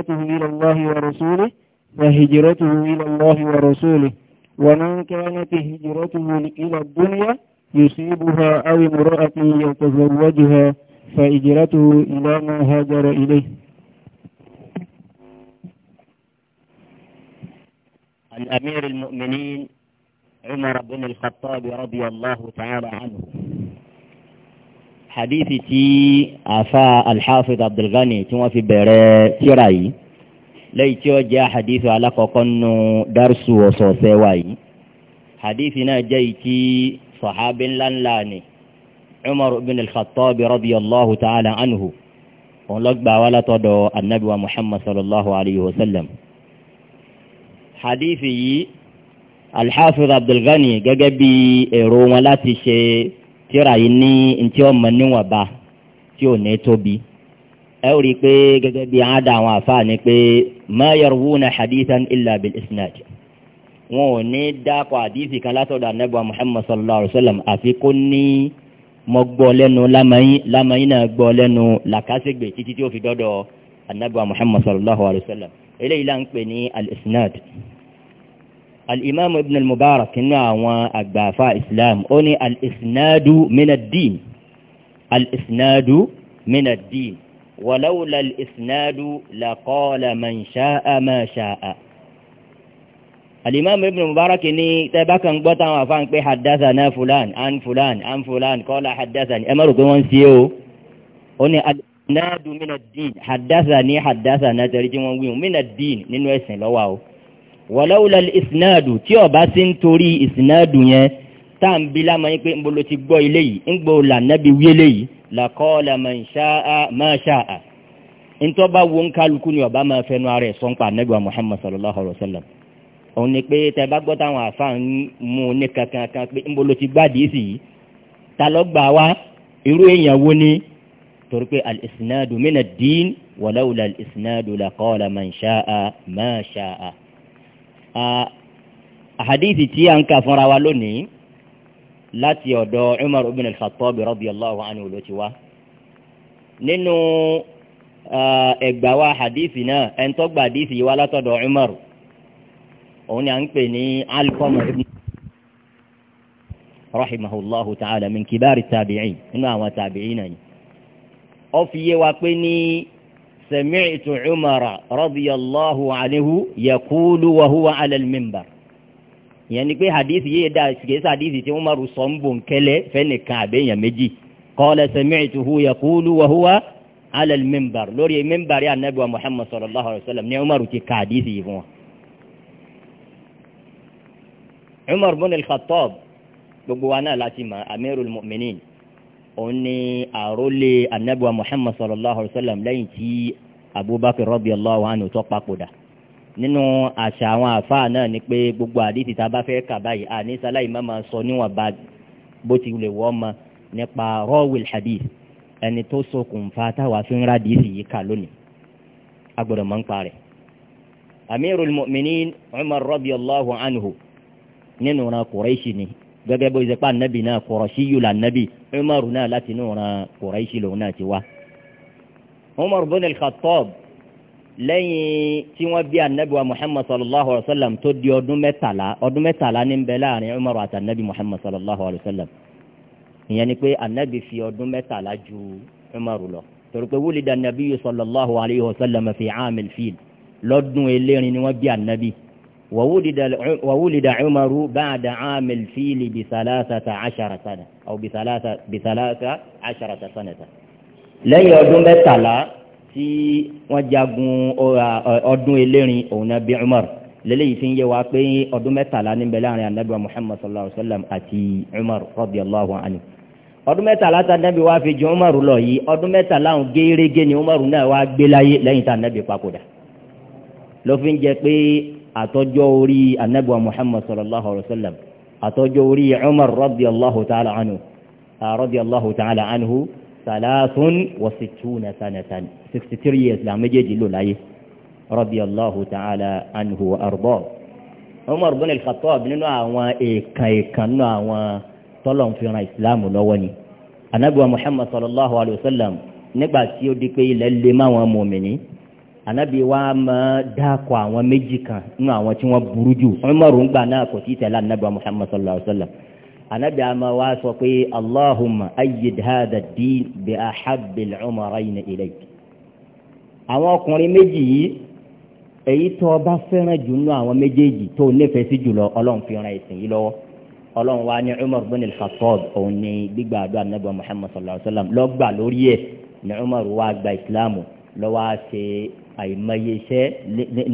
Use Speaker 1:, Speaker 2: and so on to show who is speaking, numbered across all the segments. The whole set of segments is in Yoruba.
Speaker 1: هجرته إلى الله ورسوله فهجرته إلى الله ورسوله ومن كانت هجرته إلى الدنيا يصيبها أو امرأة يتزوجها فهجرته إلى ما هاجر إليه عن أمير المؤمنين عمر بن الخطاب رضي الله تعالى عنه hadithi tí afa alhafiz abdulghani tí wọ́n fi bẹ̀rẹ̀ tírà yìí lẹ́yìn tí ó jẹ́ hadithi alákọ̀ọ́kọ́ nù dárṣù ọ̀sọ̀ọ̀sẹ̀ wa yìí hadithi náà jẹ́ ìtí sahabi ńláńlá ni umar ibn al-khattab radiyallahu ta'ala anhu òun ló gbà wá látọ̀dọ̀ annabi wa muhammad sallallahu alayhi wa sallam hadithi yìí alhafiz abdulghani gẹ́gẹ́ bí èrò wọn láti ṣe tíra yìí ní ntí ọmọ níwọ̀nba tí ò ní tóbi ẹ rí i pé gẹ́gẹ́ bí àádá àwọn àfáà ni pé ma yarwuna hadithan illa bil isnad wọn ò ní dákọ̀ àdìsí kan látọ̀dọ̀ anábọ̀ muhammad sallallahu alayhi wa sallam àfi kó ní mọ gbọ́ lẹ́nu lámàyín lámàyín náà gbọ́ lẹ́nu làkàṣègbè títí tí ó fi dọ́dọ̀ anábọ̀ muhammad sallallahu alayhi wa sallam eléyìí là ń pè ní al isnad al'imam ibn al-mubarak nínú àwọn àgbàfà islam ó ní al'isnadu minadin al'isnadu minadin wàláwùlá al'isnadu laqala man sha'a ma sha'a al'imam ibn al-mubarak ní tẹba kan gbọ́ta wọn fa ń pé haddasa na fulan an fulan an fulan kọ́lá haddasa ni ẹmọ́rù pé wọ́n sí o ó ní al'isnadu minadin haddasa ni haddasa na tẹ̀rí tí wọ́n wí nínú ẹ̀sìn lọ́wọ́ wọ̀lọ́wọ́lọ́ ìsìnáàdù tí ọba sí ń torí ìsìnáàdù yẹn tá à ń bi lámọ́ yín pé ń bolo ti gbọ́ ilé yìí ń gbọ́ lànàbí wí eléyìí làkọ́ làmọ̀ṣáà máa ṣáà ntọ́ bá wo ń kálukú ni ọba máa fẹnu ara ẹ̀ sọ́npa anagba Muhammad sallallahu alayhi wa sallam òun ni pé tẹ bá gbọ́ táwọn àfáà ń mú un ní kankan pé ń bolo ti gbádìí sí yìí ta ló gbà wá irú èèyàn wo ni torí pé al-isnadu àhàdíìsì eh, tí a ń kà fúnra wa lónìí láti ọ̀dọ̀ Umar ibn al-Khattab radiyallahu anhu ló ti wá nínú eh, ẹgbà wa àhàdíìsì náà ẹn tó gba àhàdíìsì yìí wá látọ̀dọ̀ Umar òun ni a ń pè ní Alqama ibn rahimahullahu ta'ala min kibari tabi'in nínú àwọn tabi'in náà ó fi yé wa pé ní. سمعت عمر رضي الله عنه يقول وهو على المنبر يعني في حديث يدا كيس حديث عمر صمبون كله فين كابين يا مجي قال سمعته يقول وهو على المنبر لوري منبر يا النبي محمد صلى الله عليه وسلم ني عمر تي كحديث يفون عمر بن الخطاب بقوانا لاتي أمير المؤمنين òun ni àrólé anabiwa muhammad sallallahu alayhi wa sallam lẹ́yìn tí abubakar radiyallahu anhu tó papòdà nínú àṣà àwọn àfáà náà ni pé gbogbo àdìsí tá a bá fẹ́ kà báyìí àní sáláì má máa sọ níwọ̀n bá bó ti lè wọ́ ọmọ nípa rawil hadith ẹni tó ṣokùnfà táwa fi ń ra àdìsí yìí kà lónìí a gbọ́dọ̀ ń parẹ́. amirul mu'minin umar radiyallahu anhu nínú ra kùrẹ́ṣì ni gẹ́gẹ́ bó ṣe pa anabi náà Qurashiyu la anabi Umaru náà láti inú ran Quraishi lòun náà ti wá. Umar bin al-Khattab lẹ́yìn tí wọ́n bí anabi wa Muhammad sallallahu alayhi wa sallam tó di ọdún mẹ́tàlá ọdún mẹ́tàlá ní bẹ láàrin Umaru àti anabi Muhammad sallallahu alayhi wa sallam ìyẹn ni pé anabi fi ọdún mẹ́tàlá ju Umaru lọ torí pé wúlidà anabi sallallahu alayhi wa sallam fi aamil fil lọ́dún elérin ni wọ́n bí anabi. وولد عمر بعد عام الفيل بثلاثة عشر سنة أو بثلاثة, بثلاثة عشرة سنة لن يدوم بتلا tí wọ́n jagun ọdún elérin òun náà bí Umar lélẹ́yìí fi ń yé wa pé ọdún mẹ́tàlá níbẹ̀ láàrin anabiwa Muhammad sallallahu alayhi wa sallam àti Umar radiyallahu anhu ọdún mẹ́tàlá tá anabi wa fi ju Umar lọ yìí ọdún mẹ́tàlá ń géérégé ni Umar náà wá gbé láyé lẹ́yìn tá anabi papòdà ló fi ń jẹ pé àtọ́jọ́ orí anábìwá muhammad sallallahu alayhi wa sallam àtọ́jọ́ orí umar radiyallahu ta'ala anhu radiyallahu ta'ala anhu salasun wa situna sanatan sixty three years la méjèèjì ló láyé radiyallahu ta'ala anhu wa arbo umar bin al-khattab nínú àwọn èèkàn èèkàn nínú àwọn tọ́lọ̀ ń fi ran ìsìláàmù lọ́wọ́ ni anábìwá muhammad sallallahu alayhi wa sallam nígbà tí ó di pé ilẹ̀ lè máwọn mọ̀mìnì anabi wa ma dako àwọn méjì kan nínú àwọn tí wọ́n burú jù Umaru ń gbà náà kò tíì tẹ̀lé anabi wa Muhammad sallallahu alaihi wa sallam anabi ama wa sọ pé Allahumma ayyid hadha ad-din bi ahabbil umarayni ilayk àwọn ọkùnrin méjì yìí èyí tó o bá fẹ́ràn jù nínú àwọn méjèèjì tó o nífẹ̀ẹ́ sí jùlọ ọlọ́run fi ran ẹ̀sìn yìí lọ́wọ́ ọlọ́run wa ní Umar bin al-Khattab òun ní gbígbà àdó anabi wa Muhammad sallallahu alaihi wa sallam lọ́gbà lórí ẹ̀ ní Umar wa gba ìsìlámù lọ́wọ́ á ṣe àìmọye iṣẹ́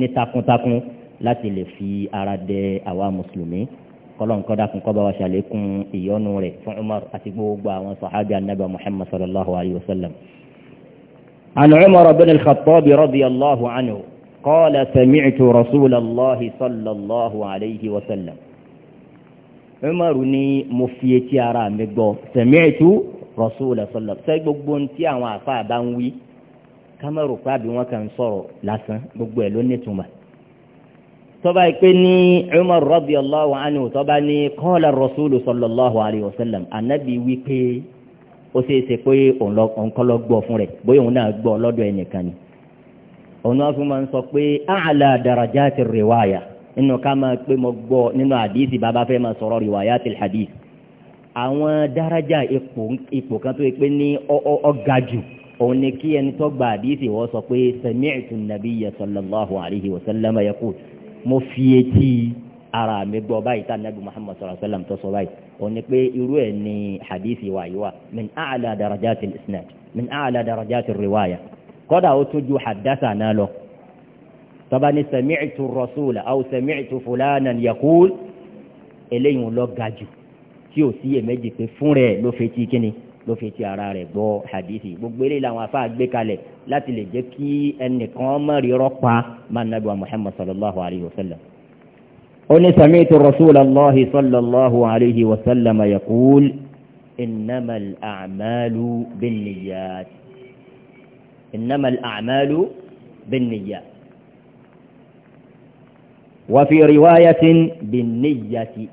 Speaker 1: ní takuntakun láti lè fi ara dẹ àwa mùsùlùmí kọlọ́n kọ́ dákun kọ́ bá wa ṣàlékún ìyọ́nú rẹ̀ fún umar àti gbogbo àwọn sàhábì anábà muhammad sallallahu alayhi wa sallam. عن عمر بن الخطاب رضي الله عنه قال سمعت رسول الله صلى الله عليه وسلم عمر ní mo fi etí سمعت رسول صلى الله عليه وسلم sẹ́ gbogbo ohun tí àwọn kámẹ́rù pàbí wọn kàn sọ̀rọ̀ lásán gbogbo ẹ̀ ló nítumọ̀ tọ́ba yìí pé ní Umar radiyallahu anhu tọ́ba ní qala rasulu sallallahu alayhi wa sallam anabi wí pé ó ṣe é ṣe pé òun kọ́ lọ gbọ́ fún rẹ̀ bóyá òun náà gbọ́ lọ́dọ̀ ẹnìkan ni òun náà fún máa ń sọ pé a'la darajati riwaya nínú ká máa pé mo gbọ́ nínú hadisi bàbá fẹ́ máa sọ̀rọ̀ riwayatil hadith àwọn daraja ipò kan tó yẹ pé ní ọ̀gá òun ni kí ẹni tó gba àdìsí wọ́n sọ pé sami'tu an-nabiyya sallallahu alayhi wa sallam yaqul mo fi etí ara mi gbọ́ báyìí tá nàbí muhammad sallallahu alayhi wa sallam tó sọ báyìí òun ni pé irú ẹ̀ ni àdìsí wa yìí wa min a'la darajati al-isnad min a'la darajati riwaya kódà ó tún ju haddasa náà lọ tọ́ba ni sami'tu rasula aw sami'tu fulanan yaqul eléyìí ń lọ gajù tí ò síyèméjì pé fún rẹ̀ ló fi ti ara rẹ̀ gbọ́ hadithi gbogbo eléyìí làwọn afa gbé kalẹ̀ láti lè jẹ́ kí ẹnìkan mọ̀rí rọ́pa máa nàbí wa muhammad sallallahu alayhi wa sallam. ó ní sami'tu rasulallahi sallallahu alayhi wa sallam yaqul innamal a'malu binniyat innamal a'malu binniyat. wa fi riwayatin binniyati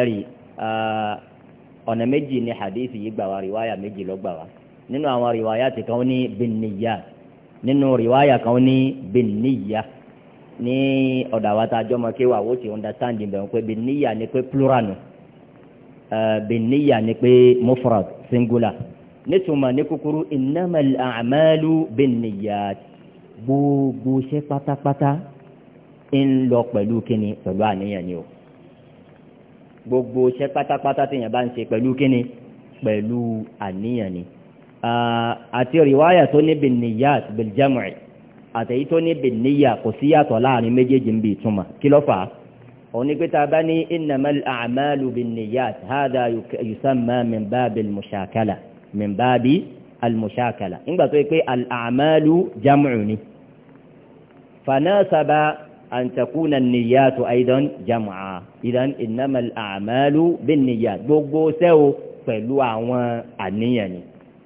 Speaker 1: ẹ̀rí ọ̀nà méjì ni hadith yìí gbà wá rìwáyà méjì ló gbà wá nínú àwọn rìwáyà ti kan ní bìnníyà nínú rìwáyà kan ní bìnníyà ní ọ̀dà wa tá a jọmọ kí wà wó ti understand bẹ̀rù pé bìnníyà ni pé plural nù bìnníyà ni pé mufrad singular nítumọ̀ ní kúkúrú innamal a'malu binniyat gbogbo ṣe pátápátá ń lọ pẹ̀lú kíni pẹ̀lú àníyàn ni o gbogbo iṣẹ́ pátápátá tí èèyàn bá ń ṣe pẹ̀lú kíni pẹ̀lú àníyàn ni àti rìwáyà tó ní binniyat biljam'i àtẹ̀yí tó ní binniya kò sí yàtọ̀ láàrin méjèèjì ń bi ìtumọ̀ kí ló fà á òun ni pé tá a bá ní innamal a'malu binniyat hada yusamma min babil mushakala min babi al-mushakala nígbà tó yẹ pé al-a'malu jam'u ni fanasaba. أن تكون النيات أيضا جمعا إذا إنما الأعمال بالنيات gbogbo iṣẹ́ o pẹ̀lú àwọn àníyàn ni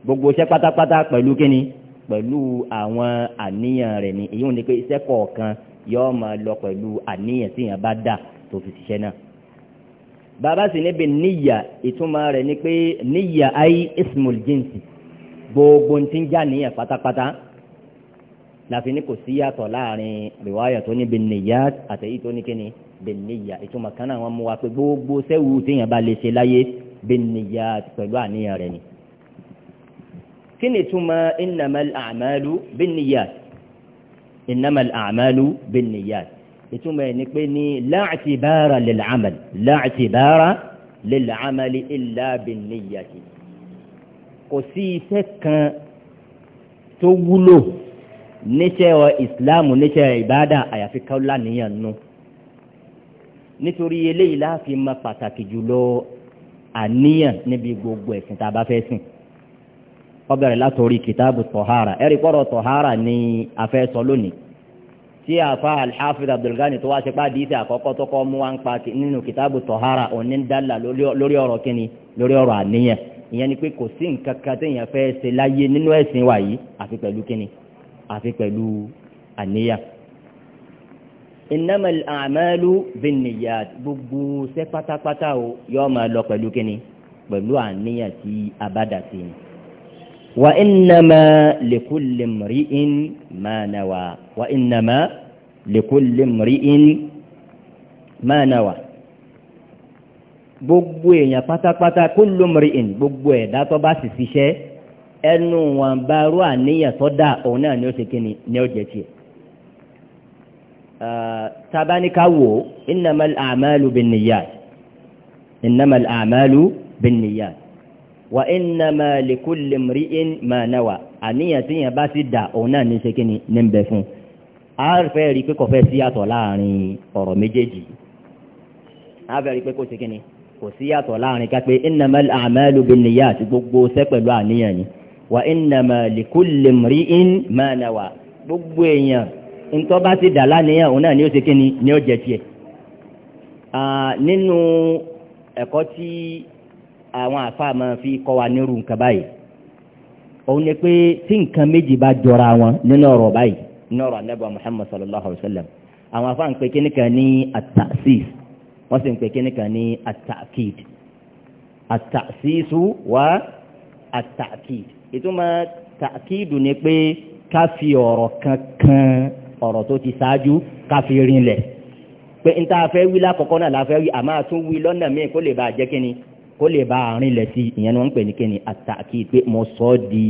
Speaker 1: gbogbo iṣẹ́ pátápátá pẹ̀lú kíni pẹ̀lú àwọn àníyàn rẹ̀ ni èyí ò ní pé iṣẹ́ kọ̀ọ̀kan yóò máa lọ pẹ̀lú àníyàn tí èèyàn bá dà tó fi ṣiṣẹ́ náà bàbá sì níbi níyà ìtumọ̀ rẹ̀ ni pé níyà ayé ismul jinsi gbogbo ti ń já níyàn láfi ní kò sí yàtọ̀ láàrin rìwáyà tó ní bìnníyà àtẹ̀yí tó ní kíni bìnníyà ìtumọ̀ kan náà wọ́n mú wa pé gbogbo sẹ́wù téèyàn bá lè ṣe láyé bìnníyà pẹ̀lú àníyàn rẹ̀ ni. kí ni ìtumọ̀ innamal a'malu bìnníyà innamal a'malu bìnníyà ìtumọ̀ ẹ̀ ni pé ní la i'tibara lil 'amal la i'tibara lil 'amali illa bìnníyà kò sí iṣẹ́ kan tó wúlò níṣẹ́ ìsìláàmù níṣẹ́ ìbáadà àyàfi káúlà níyàn nù nítorí eléyìí láàfi mọ pàtàkì jùlọ àníyàn níbi gbogbo ẹ̀sìn tá a bá fẹ́ sìn ó bẹ̀rẹ̀ látòrí kìtàbù tọ̀hárà ẹ̀rí pọ̀rọ̀ tọ̀hárà ni a fẹ́ sọ lónìí tí àfa alḥafiz abdulgani tó wá ṣe pá díìsì àkọ́kọ́ tó kọ́ mú wa ń pa nínú kìtàbù tọ̀hárà òní ń dálà lórí ọ̀rọ̀ kíni lórí ọ̀rọ̀ àníyàn ìyẹn ni pé kò sí nǹkan kan téèyàn fẹ́ ṣe láyé nínú ẹ̀sìn wa àfi pẹ̀lú kíni àfi pẹ̀lú àníyàn. innamal a'malu binniyat gbogbo ṣe pátápátá o yóò máa lọ pẹ̀lú kíni pẹ̀lú àníyàn tí a bá dà sí ni. wa innama likulli mri'in ma nawa wa innama likulli mri'in ma nawa gbogbo èèyàn pátápátá kullu mri'in gbogbo ẹ̀dá tó bá sì ṣiṣẹ́ ẹnu wọn bá rú àníyàn tó dá òun náà ni ó ṣe kíni ni ó jẹ tiẹ̀. tabaníká wò innamal a'malu binniyat innamal a'malu binniyat wa innama likulli imri'in ma nawa àníyàn tí yẹn bá sì dá òun náà ni ṣe kíni ní bẹ fún a fẹ́ rí i pé kò fẹ́ sí láàrin ọ̀rọ̀ méjèèjì a fẹ́ rí i pé kò sí kíni kò sí láàrin ká innamal a'malu binniyat àti gbogbo ṣẹ́ àníyàn ni wà ìnàmà lìkúlè mìrí in máa nà wà gbogbo èèyàn ntọ́ bá ti dà lánìyàn òun náà ni ó ṣe kíni ni ó jẹ tiẹ̀ nínú ẹ̀kọ́ tí àwọn àfa máa fi kọ́ wa nírú nǹkan báyìí òun ni pé tí nǹkan méjì bá jọra wọn nínú ọ̀rọ̀ báyìí nínú ọ̀rọ̀ anábọ̀ Muhammad sallallahu alayhi wa sallam àwọn afa ń pè kíní kan ní at wọ́n sì ń pè kíní kan ní at-ta'kid wa at ìtumọ̀ tàkìdù ni pé ká fi ọ̀rọ̀ kankan ọ̀rọ̀ tó ti ṣáájú ká fi rinlẹ̀ pé n ta fẹ́ wí lákọ̀ọ́kọ́ náà la fẹ́ wí àmọ́ àtún wí lọ́nà míì kó lè bá jẹ́ kíni kó lè bá rinlẹ̀ sí ìyẹn ni wọ́n ń pè ní kíni àtàkìdù pé mo sọ ọ́ di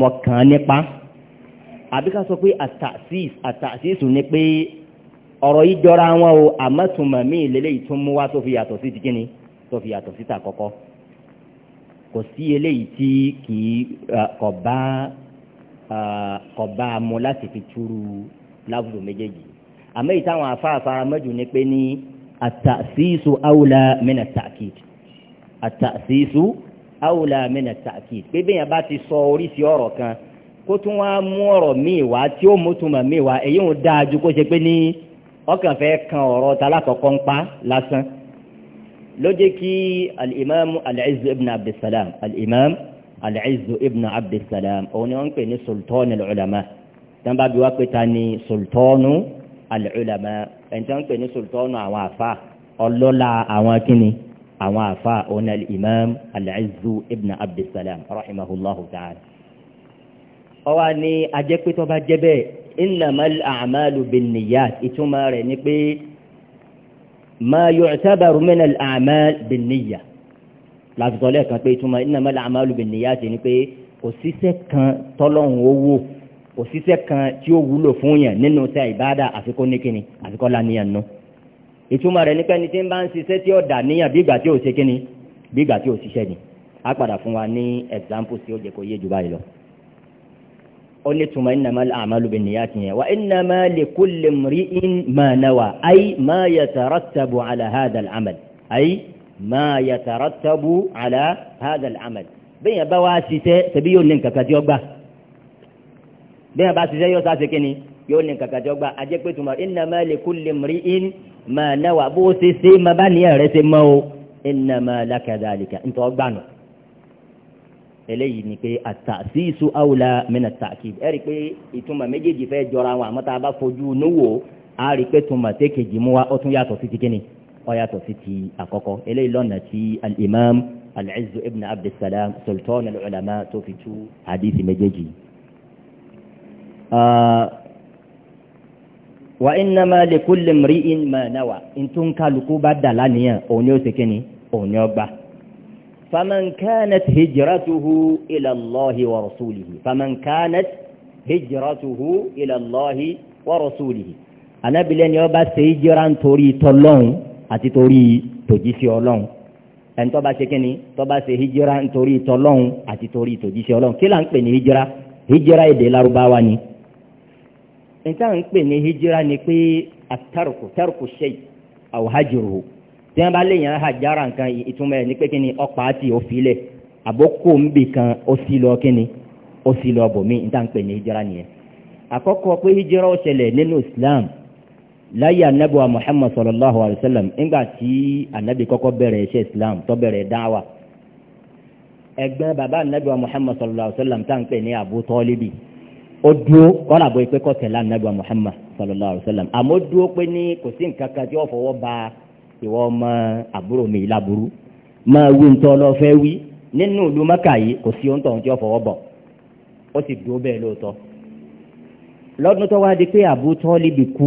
Speaker 1: mo kàn án nípa àbí ká sọ pé àtàsís àtàsísù ni pé ọ̀rọ̀ yìí jọra wọn o àmọ́ tùmọ̀ míì lélẹ́yìí tún mú wá tó fi yàtọ̀ sí ti kíni tó fi yàtọ̀ síta kọ́kọ́ kò sí eléyìí tí kì í kọ̀ bá kọ̀ bá a mú láti fi túrú láwùjọ méjèèjì àmọ́ èyí táwọn afáàfáà mẹ́jọ ni pé ní àtàṣìṣù àwùlà mẹ́nà tàkìd àtàṣìṣù àwùlà mẹ́nà tàkìd pé bẹ́ẹ̀ yẹn bá ti sọ oríṣi ọ̀rọ̀ kan kó tún wá mú ọ̀rọ̀ míì wá tí ó mú míì wá èyí ń dáa ju kó ṣe pé ní ọkàn fẹ́ kan ọ̀rọ̀ ta lákọ̀ọ́kọ́ ń pa lásán ló jẹ́ kí al-imam al-izz ibn abdulsalam al-imam al-izz ibn abdulsalam òun ni wọ́n ń pè ní sultan al-ulama tán bá bí wá pé ta ni sultanu al-ulama ẹni tí wọ́n ń pè ní sultanu àwọn àfa ọlọ́lá àwọn kínni àwọn àfa òun ni al-imam al abdulsalam rahimahullahu ta'ala ọwá ni ajẹ́pẹ́tọ́ bá jẹ́ bẹ́ẹ̀ innamal a'malu bin ìtumọ̀ rẹ̀ ni pé ma yu'tabaru min al-a'mal bin-niyyah láti sọ lẹ́ẹ̀kan pé ìtumọ̀ innamal a'malu bin-niyyah ṣe ni pé òṣìṣẹ́ kan tọ́lọ́hún owó òṣìṣẹ́ kan tí ó wúlò fún yàn nínú tẹ ìbáàdà àfikún ní kíni àfikún lánìyàn nù ìtumọ̀ rẹ̀ nípa ẹni tí ń bá ń ṣiṣẹ́ tí ó dà níyàn bí ìgbà tí ò ṣe kíni bí ìgbà tí ò ṣiṣẹ́ ni á padà fún wa ní example tí ó jẹ́ kó yé jù báyìí lọ ó ní tuma innamal a'malu binniyati yẹn wa innama likulli imri'in ma nawa ay ma yatarattabu ala hadha al-amal ay ma yatarattabu ala hadha al-amal bẹ́ẹ̀ yẹn bá wá ṣiṣẹ́ tẹ̀bí yóò ní nǹkan kan tí ó gbà bẹ́ẹ̀ yẹn bá ṣiṣẹ́ yóò sá ṣe kíni yóò ní nǹkan tí ó gbà á jẹ́ pé tuma innama likulli imri'in ma nawa bó ṣe ṣe ma bá níyà rẹ̀ ṣe mọ́ o innama laka dhalika ntọ́ gbà nù eléyìí ni pé àtàsísù àwùlà mẹ́nà tàkìb ẹ rí i pé ìtumọ̀ méjèèjì fẹ́ jọra wọn àmọ́ tá a bá fojú inú wò á rí i pé tuma tékejì mú wa ó tún yàtọ̀ sí ti kíni ó yàtọ̀ sí ti àkọ́kọ́ eléyìí lọ́nà tí al-imam ibn abdulsalam sultan al tó fi tú hadithi méjèèjì. Ah, wa innama likulli mri'in ma nawa ntúnkálukú bá dà lánìyàn òun ni ó ti kíni òun ni ó gbà. فمن كانت هجرته إلى الله ورسوله فمن كانت هجرته إلى الله ورسوله أنا بلين يوبا سيجران توري تولون أتي توري تجيسي أولون ẹni tó bá ṣe kínní tó bá ṣe hijira nítorí tọlọ́hún àti torí tòjíṣẹ́ ọlọ́hún kí là ń pè ní hijira hijira èdè Lárúbáwá ni. níta ń pè ní hijira ni pé àtàrùkù tàrùkù ṣe àwòhájòrò tí wọ́n bá lè yàn àjára nǹkan ìtumọ̀ ẹ̀ ní pé kí ni ọ̀pá àti òfilẹ̀ àbókò ń bì kan ó sì lọ kí ni ó sì lọ bòmí ní tá à ń pè ní hijira nìyẹn àkọ́kọ́ pé hijira ó ṣẹlẹ̀ nínú Islam láyé anabi wa Muhammad sallallahu alayhi wa sallam ńgbà tí anabi kọ́kọ́ bẹ̀rẹ̀ iṣẹ́ Islam tó bẹ̀rẹ̀ dáwà ẹgbẹ́ bàbá anabi wa Muhammad sallallahu alayhi wa sallam tá à ń pè ní Abu Talibi ó dúró kọ́lá bọ́ ipé kọ́ tẹ̀lé anabi wa Muhammad sallallahu alayhi wa sallam àmọ́ dúró pé ní kò sí nǹkan kan tí wọ́n fọwọ́ ba ìwọ ọmọ àbúrò mi ìlàbúrú máa wí ntọ́ lọ fẹ́ wí nínú ìlú mẹ́kà yìí kò sí ohun tó ń jọ fọwọ́ bọ̀ ó sì dúró bẹ́ẹ̀ lóòótọ́ lọ́dún tó wá di pé Abu Tọ́líbì kú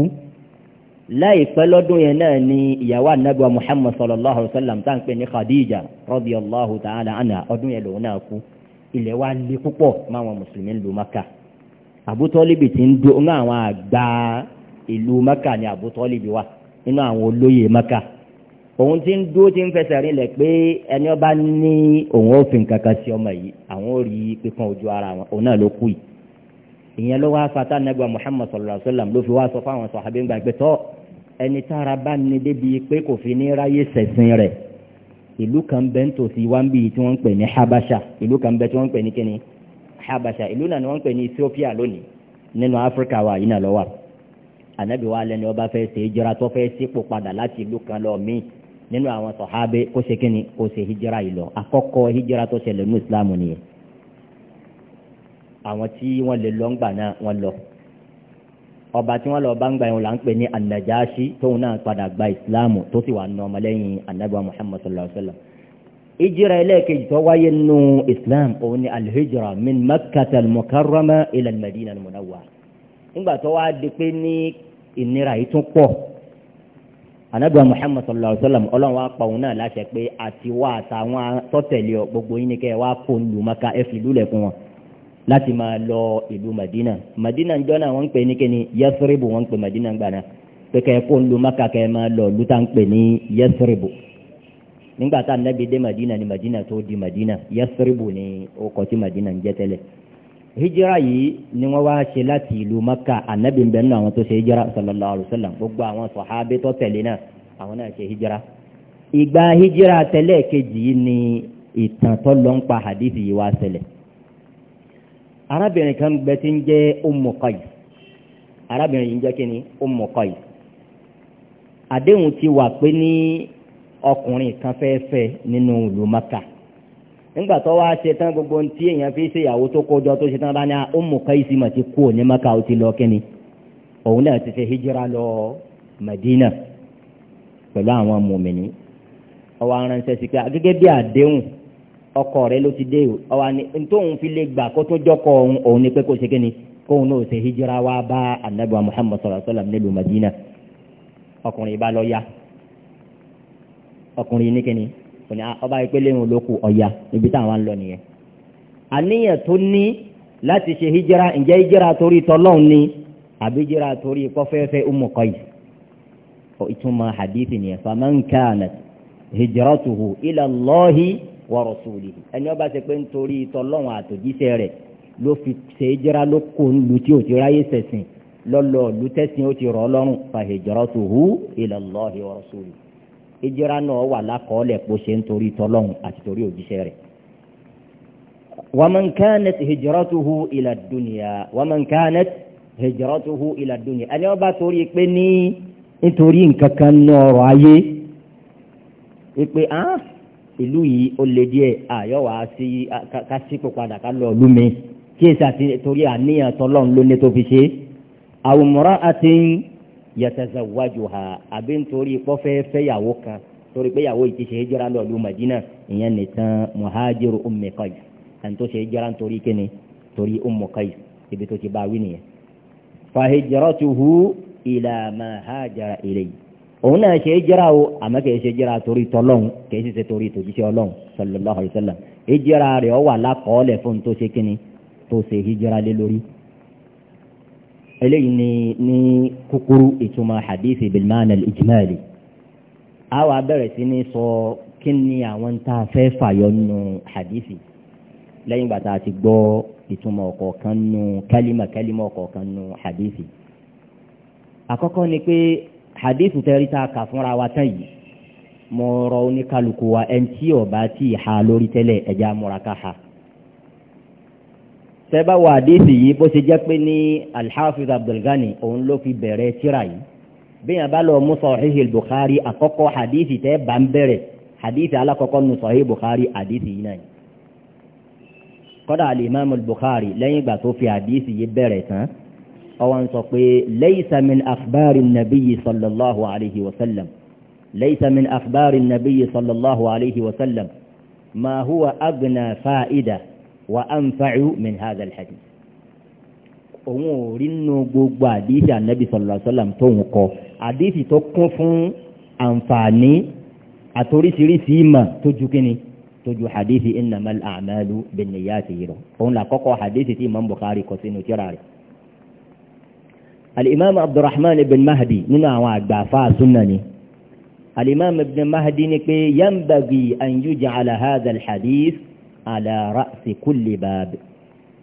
Speaker 1: láìpẹ́ lọ́dún yẹn náà ni ìyàwó anábíwá Muhammad sallallahu alayhi wa sallam tá à ń pè ní Khadija radiyallahu ta'ala ana ọdún yẹn lòun náà kú ilẹ̀ wa le púpọ̀ máwọn mùsùlùmí ń lu maka Abu Tọ́líbì ti ń do ní àwọn àgbà ìlú maka ni Abu Tọ́líbì wa nínú àwọn olóyè maka òun ti ń dúró ti ń fẹsẹ̀ rinlẹ̀ pé ẹni ọba ní òun ó fi nǹkan kan sí ọmọ yìí àwọn ò rí pípọ́n ojú ara wọn òun náà ló kú yìí ìyẹn ló wáá fata nẹgbà Muhammad sallallahu alaihi wa sallam ló fi wá sọ fáwọn sọ̀hábí ń gbà pé tọ́ ẹni tára bá ní débi pé kò fi ní ráyè sẹ̀sìn rẹ̀ ìlú kan bẹ́ẹ̀ nítòsí wá ń bí tí wọ́n ń pè ní Habasha ìlú kan bẹ́ẹ̀ tí wọ́n ń pè ní kíni Habasha ìlú náà ni wọ́n ń pè ní Ethiopia lónìí nínú Áfíríkà wa yìí náà lọ́wọ́ ànábì wa lẹ́ni ọba fẹ́ ṣe é jẹ́ra tó fẹ́ sípò padà láti ìlú kan lọ míì nínú àwọn sọ̀hábé kó ṣe kí ni kó ṣe hijira yìí lọ àkọ́kọ́ hijira tó ṣẹlẹ̀ ní ìsìláàmù nìyẹn àwọn tí wọ́n lè lọ ńgbà náà wọ́n lọ ọba tí wọ́n lọ bá ń gbà yẹn là ń pè ní anajashi tóun náà padà gba ìsìláàmù tó sì wà nà ọmọlẹ́yìn anabi muhammad sallallahu alayhi wa sallam hijira ẹlẹ́ẹ̀kejì tó wáyé nù islam òun ni alhijira min makkata almukarrama ila almadina almunawwara nígbà tó wá di pé ní ìnira yìí tún pọ̀ anabi wa muhammad sallallahu alaihi wa sallam ọlọ́run wa pa òun náà láṣẹ pé àti wá àtàwọn tọ́tẹ̀lé ọ gbogbo yín ni kẹ́ ẹ wá kó lu maka ẹ fi wọn láti máa lọ ìlú madina madina njọ́ náà wọ́n ń pè ní kíni yasribu wọ́n ń pè madina gbàna pé kẹ́ ẹ kó lu maka kẹ́ ẹ máa lọ lúta ń pè ní yasribu nígbà tá anabi dé madina ni madina tó di madina yasribu ni ó kọ́ sí madina ń jẹ́ tẹ́lẹ̀. hijira yìí ni wọn wá ṣe láti ìlú maka anabi nbẹ nínú àwọn tó ṣe hijira sallallahu alayhi wa sallam gbogbo àwọn sọ̀hábẹ́ tó tẹ̀lé náà àwọn náà ṣe hijira ìgbà hijira tẹ̀lé kejì ni ìtàn tó lọ ń pa hadith yìí wá ṣẹlẹ̀ arábìnrin kan gbẹ tí ń jẹ́ Ummu Qais arábìnrin yìí ń jẹ́ kí ni àdéhùn ti wà pé ní ọkùnrin kan fẹ́ fẹ́ nínú ìlú maka nígbà tó wá ṣe tán gbogbo ohun tí èèyàn fi ṣe ìyàwó tó kójọ tó ṣe tán bá ní ah, Ummu Qaisi mà ti kú òní Mẹ́kà ó ti lọ kíni òun náà ti ṣe hijira lọ Madina pẹ̀lú àwọn mùmìnì ọwọ́ aránṣẹ́ sí pé ah, gẹ́gẹ́ bí àdéhùn ọkọ rẹ ló ti dé ọwọ́ ni tóun fi lè gbà kó tó jọkọ òun òun ni pé kó ṣe kíni kóun náà hijira wá bá anabi Muhammad sallallahu Madina ọkùnrin ya ọkùnrin ní kíni kò ní ọba ìpele ìhun ló kù ọ̀ya níbi táwọn ń lọ nìyẹn. àníyàn tó ní láti ṣe hijira ǹjẹ́ hijira torí tọ́lọ́hún ni àbí hijira torí kọ́fẹ́fẹ́ Ummu Qais ìtumọ̀ hadithi nìyẹn faman kanat hijratuhu ila Allahi wa rasulihi ẹni ọba ṣe pé nítorí tọ́lọ́hún àtòjíṣẹ́ rẹ̀ ló fi ṣe hijira ló kó lu tí ò ti ráyè sẹ̀sìn lọ́lọ́ lu tẹ̀sìn ó ti rọ̀ ọlọ́run fa hijratuhu ila Allahi wa rasulihi ìjìra náà wà lákọọ́lẹ̀ kó ṣe ń torí tọ́lọ́hún àti torí òjíṣẹ́ rẹ̀. waman kanat hijratuhu ila dunya waman kanat hijratuhu ila dunya ẹni wọ́n bá torí pé ní nítorí nǹkan kan ní ọrọ̀ ayé wípé ah ìlú yìí ó lè díẹ̀ àyọ̀ wá sí ká sípò padà ká lọ ìlú mi kí èsì àti torí àníyàn tọ́lọ́hún ló ní tó fi ṣe àwòmọ́ra àti yatazawwajuha àbí nítorí pọ́fẹ́ fẹ́yàwó kan torí pé yàwó yìí ti ṣe hijira lọ lu madina ìyẹn nìkan muhajiru ummi qais ẹni tó ṣe hijira nítorí kíni torí ummu qais ibi tó ti bá wí nìyẹn. fa hijratuhu ila ma hajara ilayhi òun náà ṣe hijira o àmọ́ kìí ṣe hijira torí tọ́lọ́hún kìí ṣe ṣe torí tòjíṣẹ́ ọlọ́hún sallallahu alayhi wa sallam hijira rẹ̀ ọ wà lákọọ́lẹ̀ fún tó ṣe kíni tó ṣe hijira lé lórí eléyìí ni ní kúkúrú ìtumọ̀ hadithi bilmana ijimali a wá bẹ̀rẹ̀ sí ní sọ kí ni àwọn tá a fẹ́ fàyọ nù hadithi lẹ́yìn gbàtà àti gbọ́ ìtumọ̀ ọ̀kọ̀ọ̀kan nù kálímà kálímà ọ̀kọ̀ọ̀kan nù hadithi àkọ́kọ́ ni pé hadith tẹ́rí tá kà fúnra wa tán yìí mo rọ oníkálukú wa ẹni tí ó bá ti ha lórí tẹ́lẹ̀ ẹja múra ká ha tẹ́bá wà àdéhìí yìí bó ṣe jẹ́ pé ní alhafiz abdulgani òun ló fi bẹ̀rẹ̀ tíra yìí bí yàn bá lọ mú sọ̀híhì bukhari àkọ́kọ́ hadithi tẹ́ bá ń bẹ̀rẹ̀ hadithi alákọ̀ọ́kọ́ nu sọ̀híhì bukhari hadithi yìí kọ́dà alimami bukhari lẹ́yìn ìgbà tó fi hadithi yìí bẹ̀rẹ̀ tán ọwọ́ ń sọ pé laysa min akhbari nabiyyi sallallahu alayhi wa وأنفع من هذا الحديث أمور النبوغ بحديث النبي صلى الله عليه وسلم تنقو حديث تقف أنفاني أتوري سيري سيما تجوكني تجو حديث إنما الأعمال بالنيات لا قوة حديث تيمان بخاري قصين وتراري الإمام عبد الرحمن بن مهدي من أعواد دعفاء سناني الإمام ابن مهدي نكي ينبغي أن يجعل هذا الحديث على رأس كل باب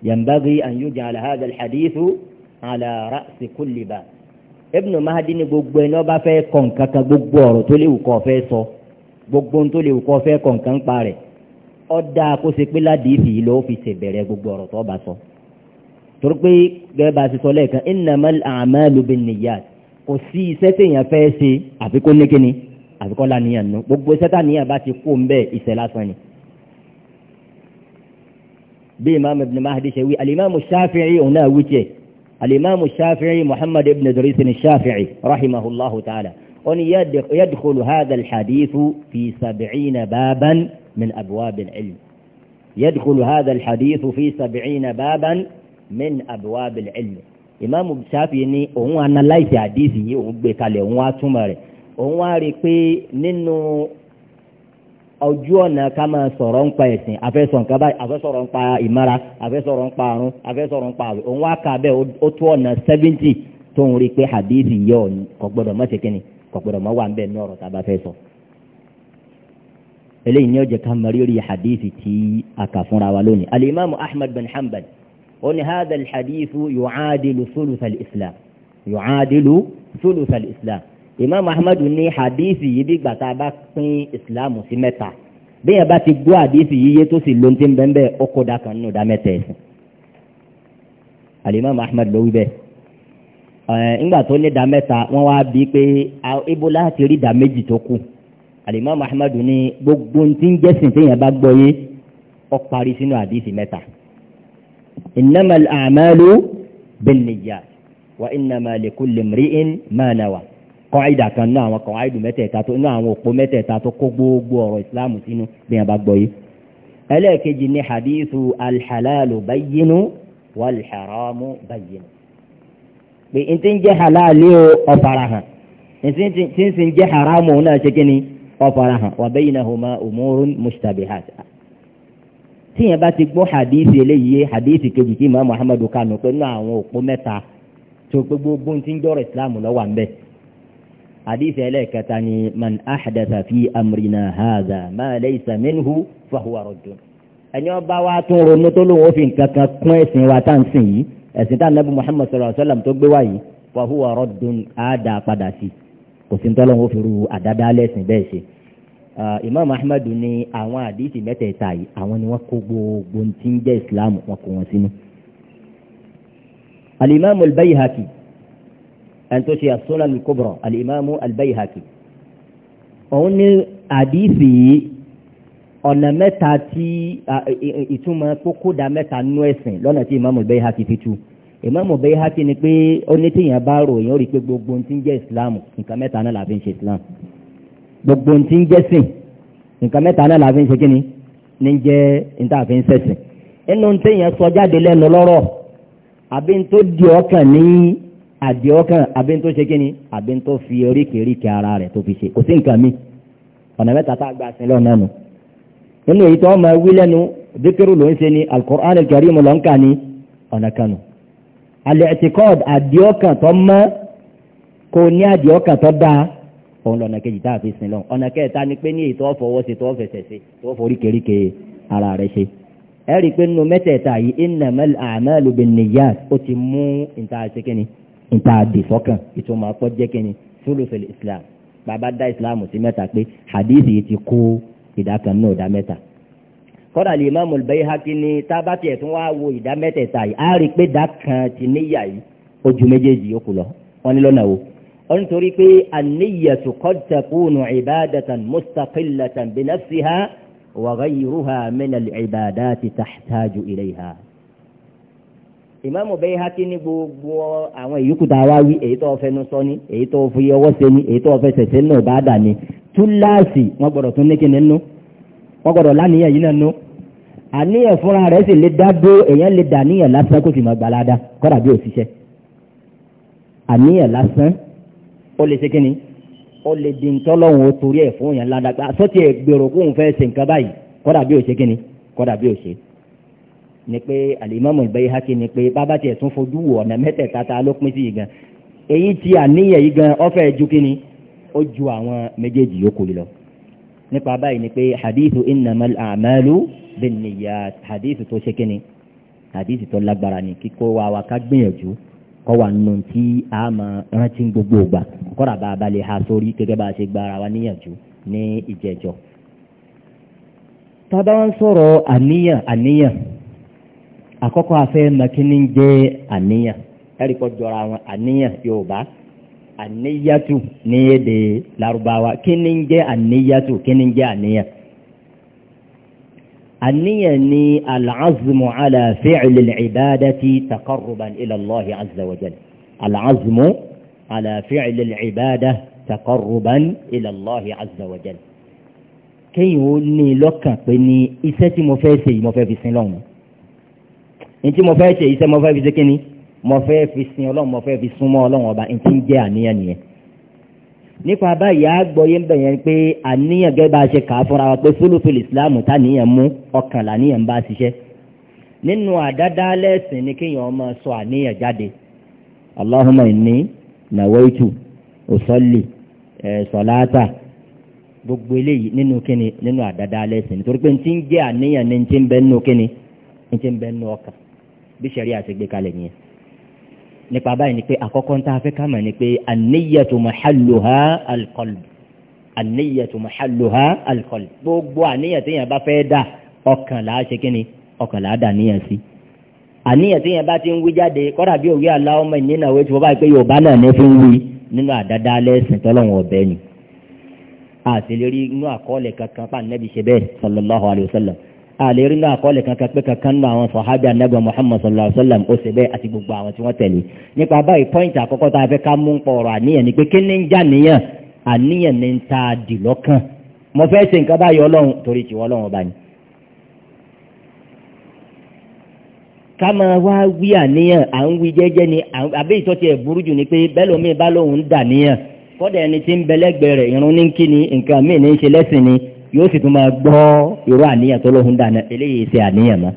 Speaker 1: ينبغي أن يجعل هذا الحديث على رأس كل باب Ibn Mahdi ní gbogbo ẹni ọba fẹ́ kọ nǹkan kan gbogbo ọ̀rọ̀ tó léwu kọ fẹ́ sọ gbogbo ohun tó léwu kọ fẹ́ kọ nǹkan pa rẹ̀ ó dáa kó ṣe pé ládìí fi yìí lọ́wọ́ fi ṣèbẹ̀rẹ̀ gbogbo ọ̀rọ̀ tó bá sọ. torí pé gẹ́gẹ́ bá a ṣe sọ lẹ́ẹ̀kan innamal a'malu binniyat kò sí iṣẹ́ téèyàn fẹ́ ṣe àfikún ní kíni àfikún láníyàn nù gbogbo iṣẹ́ táníyàn bá ti kó ń bẹ́ẹ̀ iṣẹ́ lásán ni. bí imam ibn mahdi ṣe wí alimamu shafi'i òun náà wí tiẹ̀ alimamu shafi'i muhammad ibn idris ni shafi'i rahimahullahu ta'ala ó ní yadkhulu hadha alhadithu fi sab'ina baban min abwab alilm yadkhulu hadha alhadithu fi sab'ina baban min abwab alilm imam shafi'i ni òun analyse hadith yìí òun gbé kalẹ̀ òun wá túmọ̀ rẹ̀ òun wá rí i pé nínú ojú ọ̀nà ká máa sọ̀rọ̀ ń pa ẹ̀sìn afẹ́sọ̀rọ̀ nǹkan báyìí afẹ́sọ̀rọ̀ ń pa ìmọ̀ra afẹ́sọ̀rọ̀ ń pa àrùn afẹ́sọ̀rọ̀ ń pa àwẹ̀ òun wá kà bẹ́ẹ̀ ó tó ọ̀nà seventy tó ń rí i pé hadith yẹ ọ̀ ní kò gbọ́dọ̀ mọ́ ṣèkínni kò gbọ́dọ̀ mọ́ wà ń bẹ̀ ní ọ̀rọ̀ tá fẹ́ sọ. eléyìí ni ó imam ahmadu ní hadithi yìí bí gbàtà bá pín islam sí mẹ́ta bí yẹn bá ti gbọ́ hadithi yìí yé tó sì ló ń ti bẹ́ẹ̀ bẹ́ẹ̀ ó kó da kan nínú ìdá mẹ́ta ẹ̀sìn alimam ahmad ló wí bẹ́ẹ̀ ńgbà tó ní ìdá mẹ́ta wọ́n wá bíi pé ibo láti rí ìdá méjì tó kù alimam ahmadu ní gbogbo ti ń jẹ́sìn tí yẹn bá gbọ́ yé ó parí sínú hadithi mẹ́ta innamal a'malu bin niyyat wa innama likulli mri'in ma kọ́ńáìdà kan náà àwọn kọ́ńáìdù mẹ́tẹ̀ẹ̀ta tó náà àwọn òpó mẹ́tẹ̀ẹ̀ta tó kó gbogbo ọ̀rọ̀ ìsìláàmù sínú bí wọn bá gbọ́ yìí. ẹlẹ́ẹ̀kejì ni hadithu alhalalu bayyinu walharamu bayyinu. pé n ti ń jẹ́ halali o ọ̀fara hàn n ti ń sin jẹ́ haramu náà ṣe kí ni ọ̀fara hàn wa baynahuma umurun mushtabihat tíyẹn bá ti gbọ́ hadithi eléyìí hadithi kejì tí imaamu ahmadu kanu pé náà àwọn òpó mẹ́ta tó gbogbo ohun tí ń jọ́rọ̀ ìsìláàmù àdìsẹ́ ẹlẹ́ẹ̀kẹta ni man ahdatha fi amrina hadha ma laysa minhu fahuwa raddun ẹni ọba wa tún ronú tó lóun ó fi nǹkan kan kún ẹ̀sìn wa tá à ń sìn yìí ẹ̀sìn tá ànábì muhammad sallallahu alaihi tó gbé wá yìí fahuwa àádá padà sí kò sí tọ́lọ́ wọn ó àdáda lẹ́sìn bẹ́ẹ̀ ṣe imam ahmed ní àwọn àdìsí mẹ́tẹ̀ẹ̀ta yìí àwọn ni wọ́n kó gbogbo tí ń jẹ́ islam wọn kó wọn sínú. alimami al-bayhaqi ẹni tó ṣe as-Sunan al-Kubra al-Imamu al-Bayhaqi òun ní àdìsí yìí ọ̀nà mẹ́ta tí ìtumọ̀ kókódà mẹ́ta nú ẹ̀sìn lọ́nà tí Imamu al-Bayhaqi fi tú Imamu al-Bayhaqi ni pé ó ní tíyàn bá ròyìn ó rí i pé gbogbo ohun tí ń jẹ́ Islam nǹkan mẹ́ta náà la fi ń ṣe Islam gbogbo ohun tí ń jẹ́ sìn nǹkan mẹ́ta náà la fi ń ṣe kíni ní jẹ́ ìtàfin sẹ̀sìn inú tíyàn sọ jáde lẹ́nu lọ́rọ̀ àbí tó di ọkàn ní àdìọ́kàn àbí tó ṣe kíni àbí tó fi oríkèéríkè ara rẹ̀ tó fi ṣe kò sí nǹkan mi ọ̀nà mẹ́ta tá a gba àṣẹ lọ́nà nù nínú èyí tó ọmọ wí lẹ́nu díkírù ló ń ṣe ni al-Qur'an al-Karim ló ń kà ní ọ̀nà kanu al-i'tiqad àdìọ́kàn tó mọ́ kò ní àdìọ́kàn tó dáa òun lọ́nà kejì tá a fi sin ọ̀nà kẹta ni pé ní èyí tó fọwọ́ ṣe tó fẹsẹ̀ ẹ rí i pé nínú mẹ́tẹ̀ẹ̀ta yìí innamal a'malu bin niyyat ó ti mú ìta ṣe kíni níta àdè sọ́kàn ìtumọ̀ akọ́ jẹ́ kínní sólùfẹ̀lẹ̀ islam bàbá dá islam sí mẹ́ta pé hadithi yìí ti kó ìdá kan náà ìdá mẹ́ta kọ́dà lè má mọ̀lùbẹ́ hákí ni tá a bá tiẹ̀ tún wá wo ìdá mẹ́tẹ̀ẹ̀ta yìí á rí i pé ìdá ti níyà yìí ojú méjèèjì yòókù lọ wọ́n ní lọ́nà wo wọ́n ní torí pé àníyàtú qad takunu ìbádàtàn mustaqillatan bi nafsiha wa ghayruha min al-ibadati tahtaju ilayha ìmáàmù Bayhaqi ní gbogbo àwọn ìyókù tá a wá wí èyí tó fẹnu sọ ni èyí tó fi ọwọ́ ṣe ni èyí tó fẹ́ sẹ̀sẹ̀ náà bá dà ni túláàsì wọ́n gbọ́dọ̀ tún níkìní nú wọ́n gbọ́dọ̀ láníyàn yìí náà nú àníyàn fúnra rẹ̀ sì lè dá dó èèyàn lè dà níyàn lásán kó sì máa gbalada kọ́dà bí òṣìṣẹ́ àníyàn lásán ó lè ṣe kí ni ó lè di ntọ́lọ́hún ó torí ẹ̀ fún èèyàn ládàá sọ́tì ẹ̀ gbèrò kóun fẹ́ ṣe nǹkan báyìí kọ́dà bí òṣè kí ni kọ́dà bí òṣè ni pé alimami Bayhaqi ni pé bàbá tiẹ̀ tún fojú wò ọ̀nà mẹ́tẹ̀ẹ̀ta ta ló pín sí yìí gan èyí tí àníyàn yìí gan ọ̀fẹ́ ju kínní ó ju àwọn méjèèjì yòókù lọ nípa báyìí ni pé hadithu innamal a'malu binniyat hadithu tó ṣe kínní hadithu tó lágbára ni kíkó wa wa ká gbìyànjú kọ́ wa nù tí a máa rántí gbogbo ògbà kọ́ra bá a bá lè ha sórí gẹ́gẹ́ bá a ṣe gbára wa níyànjú ní ìjẹ́jọ́ tábà ń sọ̀rọ̀ àníyàn àníyàn àkọ́kọ́ afẹ́ makíní jẹ́ àníyàn ẹ̀ríkọ́ jọra àwọn àníyàn yorùbá àníyàtù ní èdè larubawa kíní jẹ́ àníyàtù kíní jẹ́ àníyàn. àníyàn ni alazmu ala fi'li al-ibadati taqarruban ila Allahi azza wa jalla alazmu ala fi'li al-ibadati taqarruban ila Allahi azza wa jalla kéyìn ó ní lọ́kàn pé ní iṣẹ́ tí mo fẹ́ ṣe yìí mo fẹ́ fi sin lọ́hùn nti mo fẹ́ ṣe iṣẹ́ mo fẹ́ fi ṣe kínní mo fẹ́ fi sin ọlọ́run mo fẹ́ fi súnmọ́ ọlọ́run ọba ntí ń ya àníyàn nìyẹn. nípa báyìí a ń bẹ̀ yẹn pé àníyàn gẹ́gẹ́ bá ṣe kà á fúnra wa pé fúlùfúlù ìsìláàmù táníyàn mú ọkàn làníyàn bá ṣiṣẹ́. nínú àdáda lẹ́sìn ni kéèyàn sọ àníyàn jáde eh, gbogbo eléyìí nínú kíni nínú àdáda lẹ́sìn nítorí pé ntí ń jẹ́ àníyàn ni ntí bẹ nínú kíni ntí bẹ nínú ọkàn. bí sẹ̀rí àti gbé kalẹ̀ nìyẹn nípa báyìí ni pé àkọ́kọ́ ń tá a fẹ́ ká mọ̀ ni pé àníyàtò màhálùhá alkọlù àníyàtò màhálùhá alkọlù gbogbo àníyàn téèyàn bá fẹ́ dà ọkàn là á ṣe kí ni ọkàn là á dà níyàn sí àníyàn téèyàn bá ti ń wí jáde kọ́dà bí òwe aláwọ̀mọ̀ nínú àwọn ètò báyìí pé yorùbá náà ní fi ń wí nínú àdáda lẹ́sìn tọ́lọ́wọ̀n ọ̀bẹ ni àṣìlérí inú àkọọ́lẹ̀ kankan pàǹdẹ́bí ṣe bẹ́ẹ̀ sallallahu alayhi wa àlè rí náà kọ́lẹ̀ kankan pé kankan nù àwọn sọ̀hábì anábì muhammad sallallahu alayhi wa sallam ó ṣe bẹ́ẹ̀ àti gbogbo àwọn tí wọ́n tẹ̀lé nípa báyìí pọ́ìntì àkọ́kọ́ tá a fẹ́ ká mú pọ̀rọ̀ àníyàn ni pé kí ni ń já níyàn àníyàn ni ń ta dì lọ́kàn mo fẹ́ ṣe nǹkan báyìí ọlọ́run torí tiwọ́ ọlọ́run ọba ni. ká máa wá wí àníyàn à ń wí jẹ́jẹ́ ni àbí ìtọ́tí ẹ̀ burú jù ni pé ni yóò sì tún máa gbọ́ irú àníyàn tó lóhun dáná eléyìí ṣe àníyàn mọ́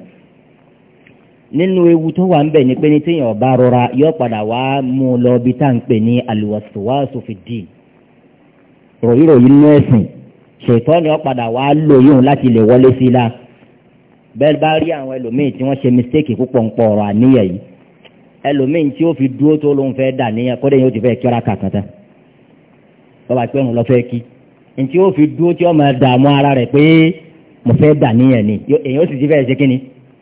Speaker 1: nínú ewu tó wà ń bẹ̀ ni pé ní ọba rọra yóò padà wá mú lọ bí tá à pè ní àlùwàsùwàsù fìdí ròyìnròyìn nínú ẹ̀sìn ṣètọ́ ni wọ́n padà wá lò yóò láti lè wọlé sí la bẹ́ẹ̀ bá rí àwọn tí wọ́n mistake púpọ̀ ń pọ̀ ọ̀rọ̀ àníyàn yìí tí ó fi dúró tó lóun fẹ́ dà níyàn ti fẹ́ kíra kàkàtà pé nti ó fi dúró tí ó ara rẹ̀ pé mo fẹ́ dà níyẹn ni èyàn ó sì ti fẹ́ ṣe kí ni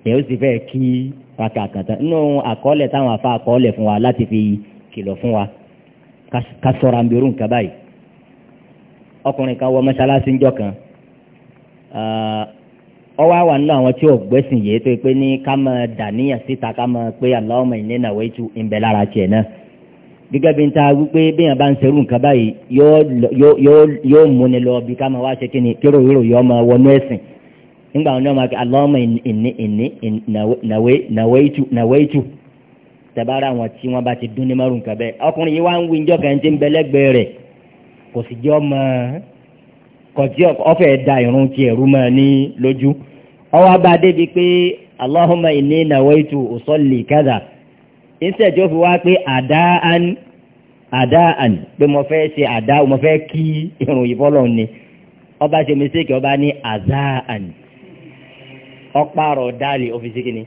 Speaker 1: èyàn ó sì fẹ́ kí pàkà nínú táwọn afa fún wa láti fi kìlọ̀ fún wa ká sọ̀rọ̀ àmì nǹkan báyìí ọkùnrin kan wọ kan àwọn tí gbẹ́sìn yìí tó pé ní ká máa dà níyàn síta ká máa pé lára tiẹ̀ náà gẹ́gẹ́ bí ta wípé bí yàn bá ń serú nǹkan báyìí yóò múni lọ bí ká máa wá ṣe kíni kérò yòrò yóò máa wọnú ẹ̀sìn nígbà wọn náà máa kí Allahumma inni inni nawaitu tẹ̀bára àwọn tí wọ́n bá ti dún ní márùn nǹkan bẹ́ẹ̀ ọkùnrin yìí wá ń tí ń bẹ lẹ́gbẹ̀ẹ́ rẹ̀ kò sì ọfẹ́ da mọ́ ìṣẹ́ tí ó fi wá pé àdáàn àdáàn pé mo fẹ́ ṣe àdá mo fẹ́ kí irun yìí fọ́lọ́ ni ọba ṣe mistake ọba ní àzáàn ọparọ̀ dálì ọ́fíìsì kìíní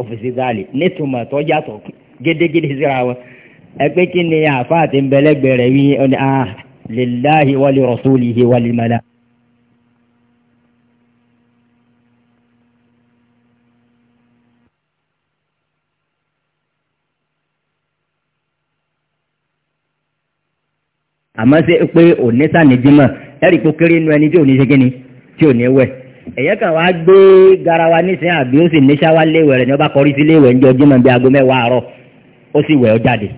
Speaker 1: ọ́fíìsì dálì nítumọ̀ tó yàtọ̀ gédégédé síra wọn ẹgbẹ́ kí àfáà ti ń bẹ̀lẹ́gbẹ̀rẹ̀ wí ọ́ni ah lillahi wa li rasulihi wa li mala. àmọ́ ṣe pé òní sànìjímọ̀ ẹ̀rí kó kéré inú ẹni tí ò ní ṣe kí ni tí ò ní wẹ̀ ẹ̀yẹ́ kan wá gbé garawa nísìnyí àbí ó sì ní ṣáwá léwẹ̀ rẹ̀ kọrí sí léwẹ̀ ní ọjọ́ aago mẹ́wàá àárọ̀ ó sì wẹ̀ ọ́ jáde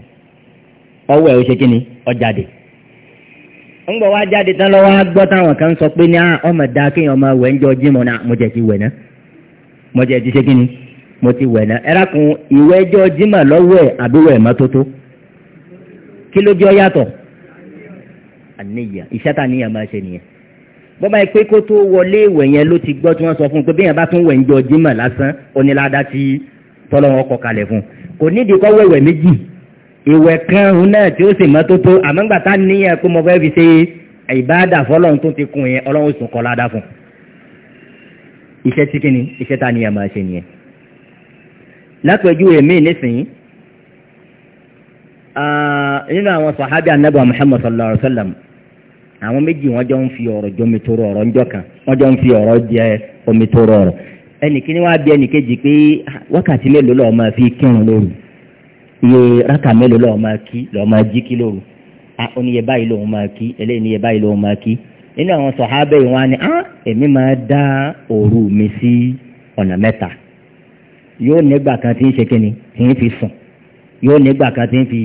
Speaker 1: ọwọ́ ẹ̀ ó ṣe kí ni jáde ń gbọ́ wá jáde tán lọ́wọ́ á gbọ́ táwọn kan sọ pé ní ọmọ da ọmọ wẹ̀ jímọ̀ mo jẹ̀ ti wẹ̀ mo àníyàn iṣẹ́ tà níyàn máa ṣe nìyẹn bọ́bá yìí pé kó tó wọlé ìwẹ̀ yẹn ló ti gbọ́ tí wọ́n sọ fún un pé bíyàn bá tún wẹ̀ ń jọ jímọ̀ lásán onílàdá tí tọ́lọ́wọ́n kọ kalẹ̀ fún un kò nídìí kọ́ wẹ̀wẹ̀ méjì ìwẹ̀ kan òun náà tí ó sì mọ́ tó tó àmọ́ ńgbà tá níyàn pé mo fẹ́ fi ṣe ìbáàdà fọlọ́run tó ti kún yẹn ọlọ́run sùn kọ́ ládàá fún iṣẹ́ tí kíni iṣẹ́ tá níyàn máa ṣe nìyẹn lápẹjú èmi nísìnyí ah, nínú àwọn sàhábì anábọ̀ Muhammad sallallahu alaihi wa sallam àwọn méjì wọ́n jọ ń fi ọ̀rọ̀ jọ mitoro ọ̀rọ̀ ńjọ́ kan wọ́n jọ ń fi ọ̀rọ̀ jẹ omitoro ọ̀rọ̀ ẹnìkíní wá bí ẹnìkejì pé ah, wákàtí mélòó lọ́ọ́ máa fi kírun lóru iye rákà mélòó lọ́ọ́ máa kí lọ́ọ́ máa jí kí lóru oníyẹ ah, báyìí lòun máa kí eléyìí níyẹ báyìí lòun máa kí nínú àwọn sọ̀hábẹ́ yìí wọ́n á ní á ah, èmi máa dá òru mi sí ọ̀nà mẹ́ta yóò nígbà kan tí ń ṣe kíni tí ń fi sùn yóò nígbà kan tí ń fi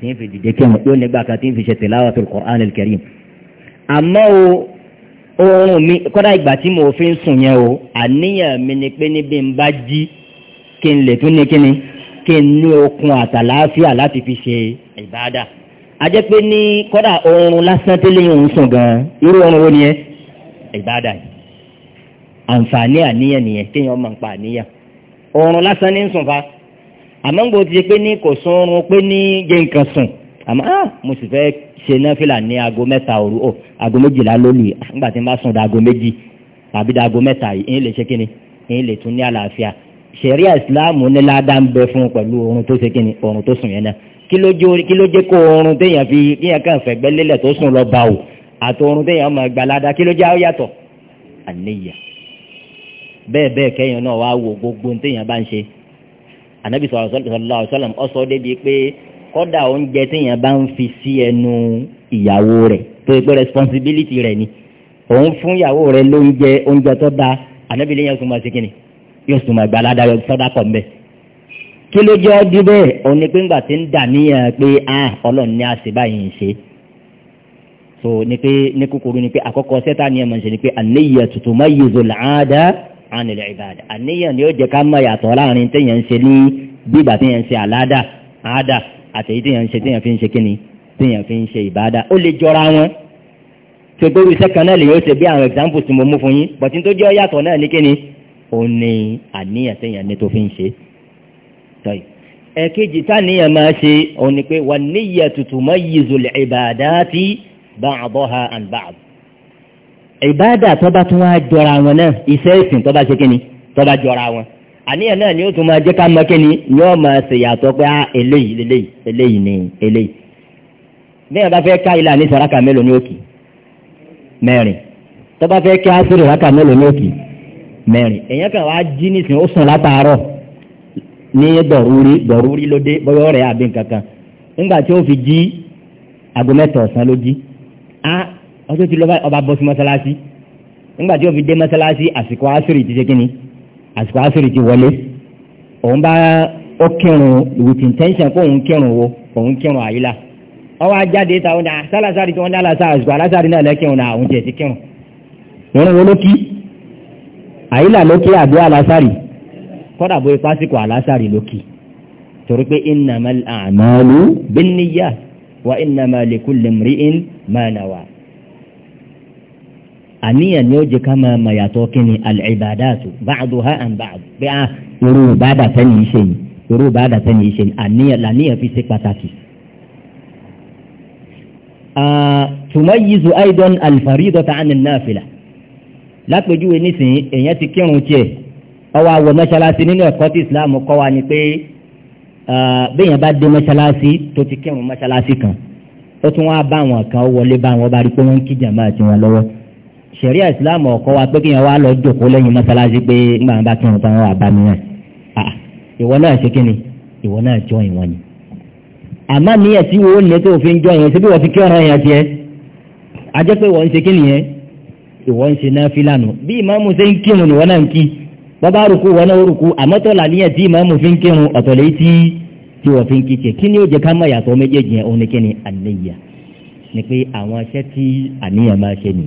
Speaker 1: tí ń fi dìde kírun yóò nígbà kan tí ń fi ṣe tilawatul Qur'an al-Karim àmọ́ o oorun mi kọ́dà ìgbà tí mo fi ń sùn yẹn o àníyàn mi ni pé níbi ń bá jí kí n lè tún ní kíni kí n ní okun àtàlàáfíà láti fi ṣe ìbáadà a jẹ́ pé ní kọ́dà oorun lásán tẹ́lẹ̀ ń sùn gan-an irú oorun wo nìyẹn ìbáadà yìí àǹfààní àníyàn nìyẹn kéèyàn máa ń pa àníyàn oorun lásán ní ń sùn fa àmọ́ ń gbòó ti pé ní kò sùn oorun pé ní jẹ́ nǹkan sùn àmọ́ ah, mo sì fẹ́ ṣe náfìlà ní aago mẹ́ta òru o aago méjìlá lónìí nígbà tí n bá sùn da aago méjì tàbí da aago mẹ́ta yìí ń lè ṣe kíni ń lè tún ní àlàáfíà ṣẹ̀ríà ìsìláàmù ní ládàá ń bẹ fún pẹ̀lú oorun tó ṣe kíni oorun tó sùn yẹn náà kí ló jẹ́ kó oorun téèyàn fi kíyàn kàn fẹ̀gbẹ́ lélẹ̀ tó sùn lọ bá o àti oorun téèyàn máa gbà ládàá kí ló jẹ́ àyàtọ̀ àníyàn bẹ́ẹ̀ bẹ́ẹ̀ kẹ́yìn náà wá wo gbogbo téèyàn bá ń ṣe ànábì sallallahu alaihi wasallam ó kọ́dà oúnjẹ téèyàn bá ń fi sí ẹnu ìyàwó rẹ̀ tó yẹ responsibility rẹ̀ ni òun fún ìyàwó rẹ̀ lóúnjẹ oúnjẹ tó dáa ànábìlẹ̀ yẹn sùn máa ṣe kíni yóò sùn máa gba aládàá sọ́dà kọ̀ mbẹ́ kí ló jẹ́ ọdún bẹ́ẹ̀ òun ni pé ńgbà tí ń dà níyàn pé ah ọlọ́run ní àṣẹ báyìí ń ṣe so ni pé ní kúkúrú ni pé àkọ́kọ́ sẹ́tà ni ẹ̀ máa ń ṣe ni pé àníyàn tuntun máa yí zòlá àádá ànilẹ̀ ìbàdàn àníyàn ni ó jẹ́ ká mọ̀ yàtọ̀ láàrin téèyàn ń ṣe ní bí ìgbà téèyàn ń ṣe àládà àádà àtẹ̀yí téèyàn ń ṣe téèyàn fi ń ṣe kíni téèyàn fi ń ṣe ìbáadá ó lè jọra wọn tí o gbórí iṣẹ́ kan náà lèyìn ó ṣe bí àwọn examples tí mo mú fún yín bọ̀tí tó jẹ́ yàtọ̀ náà ní kíni ó ní àníyàn téèyàn ní tó fi ń ṣe tọ́yì ẹ̀kejì táníyàn máa ṣe òun ni pé wà níyà tuntun mọ́ yizul ibadati ba'daha an ba'd ìbáadá tó tún wá jọra wọn náà àníyàn náà ni ó tún máa jẹ́ ká mọ kíni ni ó máa ṣèyàtọ̀ pé ah, eléyìí eléyìí eléyìí ni eléyìí bí wọn bá fẹ́ ká ilé àní sàrákà mélòó ní òkì mẹ́rin tó bá fẹ́ ká sórí sàrákà mélòó ní òkì mẹ́rin èèyàn kan wàá jí nísìnyí ó sùn látàárọ̀ ní dọ̀rúurí dọ̀rúurí ló dé bọ́yọ̀ rẹ̀ àbí nkankan nígbà tí ó fi jí aago mẹ́ta ọ̀sán ló jí á ọjọ́ àsìkò àṣírí ti wọlé òun bá ó kírun with intention kó òun kírun wo òun kírun àyílà ọwọ́ ajáde táwọn náà ah, sálásárì tí wọ́n ní àlàsà àsìkò àlásárì náà lẹ́kírun náà òun tiẹ̀ ti kírun ìrìn wo ló kí àyílà ló kí àbí àlásárì kọ́dà bó ipá síkò ló kí torí pé innamal a'malu binniyat wa innamal likulli imri'in ma nawa àníyàn ni ó jẹ ká máa mọ̀ yàtọ̀ kí ni al-ibadatu ba'duha an ba'd bí a ah, irú ìbáàdà tẹ́ni iṣẹ́ yìí irú ìbáàdà tẹ́ni iṣẹ́ yìí àníyàn làníyàn fi ṣe pàtàkì. tumayyizu aidan al-faridata 'an an-nafila lápèjúwe nísìnyí èèyàn ti kírun tiẹ̀ ọwọ́ àwọ̀ mọ́ṣáláṣí nínú ẹ̀kọ́ tí Islam kọ́ wa ni pé béèyàn bá dé mọ́ṣáláṣí tó ti kírun mọ́ṣáláṣí kan ó tún wá bá àwọn kan wọlé bá àwọn bá rí pé wọ́n ń kí jàmáà tiwọn lọ́wọ́ ṣẹ̀ríà ìsìláàmù ọ̀kọ́ wa pé kí yẹn wá lọ jòkó lẹ́yìn mọ́sálásí pé ńgbà bá kí wọn tán wà bá mi náà ìwọ náà ṣe kí ni ìwọ náà jọ ìwọ ni. àmọ́ níyẹn tí wo lè tó fi ń jọ ìyẹn síbí wọ́n ti kí ọ̀ràn yẹn tiẹ̀ a jẹ́ pé wọ́n ń ṣe kí nìyẹn ìwọ ń ṣe náà fílànù bí ìmáàmù ṣe ń kírun ni wọ́n náà ń kí bàbá rúkú wọ́n náà rúkú àmọ́ tó là níyẹn tí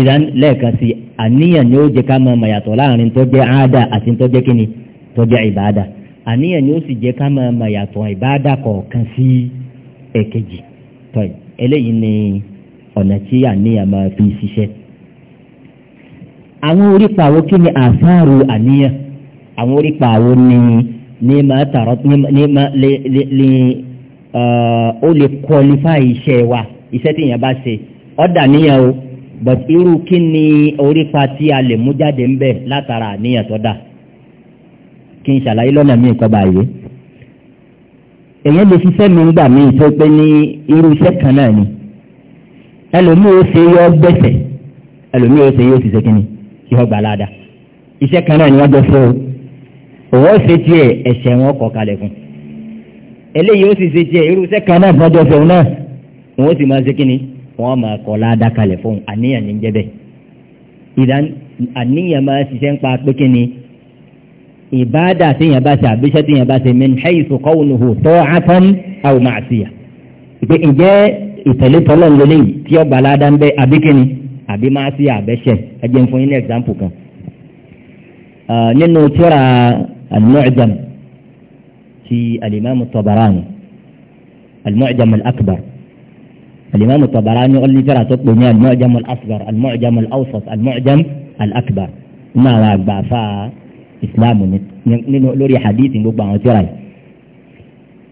Speaker 1: idan lẹ́ẹ̀kan sí àníyàn ni ó jẹ́ ká máa màyàtọ̀ láàrin tó jẹ́ àádà àti tó jẹ́ kíni tó jẹ́ ìbáadà àníyàn ni ó sì jẹ́ ká máa màyàtọ̀ ìbáadà kọ̀ọ̀kan sí èkejì tọ́ eléyìí ni ọ̀nà tí àníyàn máa fi ṣiṣẹ́. àwọn orípa wo kí ni àfáàrù àníyàn àwọn orípa ni ní máa tààrọ́ ní máa lè lè ó lè kọlifá iṣẹ́ wa iṣẹ́ tí èèyàn bá ṣe ọ̀dà níyàn but irú kí ni orípa tí a lè mú jáde ń bẹ̀ látara àníyàn tó dà kí n ṣàlàyé lọ́nà míì kọ́ lè mi ń gbà tó pé ní irú iṣẹ́ kan náà ni ẹlòmíì ó ṣe yọ gbẹ̀sẹ̀ ẹlòmíì ó ṣe yóò ṣiṣẹ́ kí ni gbà ládàá iṣẹ́ kan náà o
Speaker 2: òwò ṣe tiẹ̀
Speaker 1: ẹ̀ṣẹ̀ wọn kọ̀ kalẹ̀ fún eléyìí ó sì ṣe tiẹ̀ irú iṣẹ́ kan náà fún wọ́n máa kọ́ ládàkalẹ̀ fún àníyàn ní jẹ́bẹ̀. ìdá àníyàn máa ṣiṣẹ́ ń pa pé kí ni ìbáàdà téèyàn bá ṣe àbíṣẹ́ téèyàn bá ṣe min haythu qawluhu ta'atan aw ma'siyah. ìpè ǹjẹ́ ìtẹ̀lé tọ́lọ̀ lónìí tí ó gbà ládàá ń bẹ àbí kí ni àbí máa ṣe àbẹ́ṣẹ̀ ẹ jẹ́ fún yín ní ẹ̀gbáǹpù kan. nínú tíra al ti al-Imam at-Tabarani الإمام الطبراني قال لي ترى تطلبني المعجم الأصغر المعجم الأوسط المعجم الأكبر ما وقع فا إسلام نينو لوري حديث نقول بعض ترى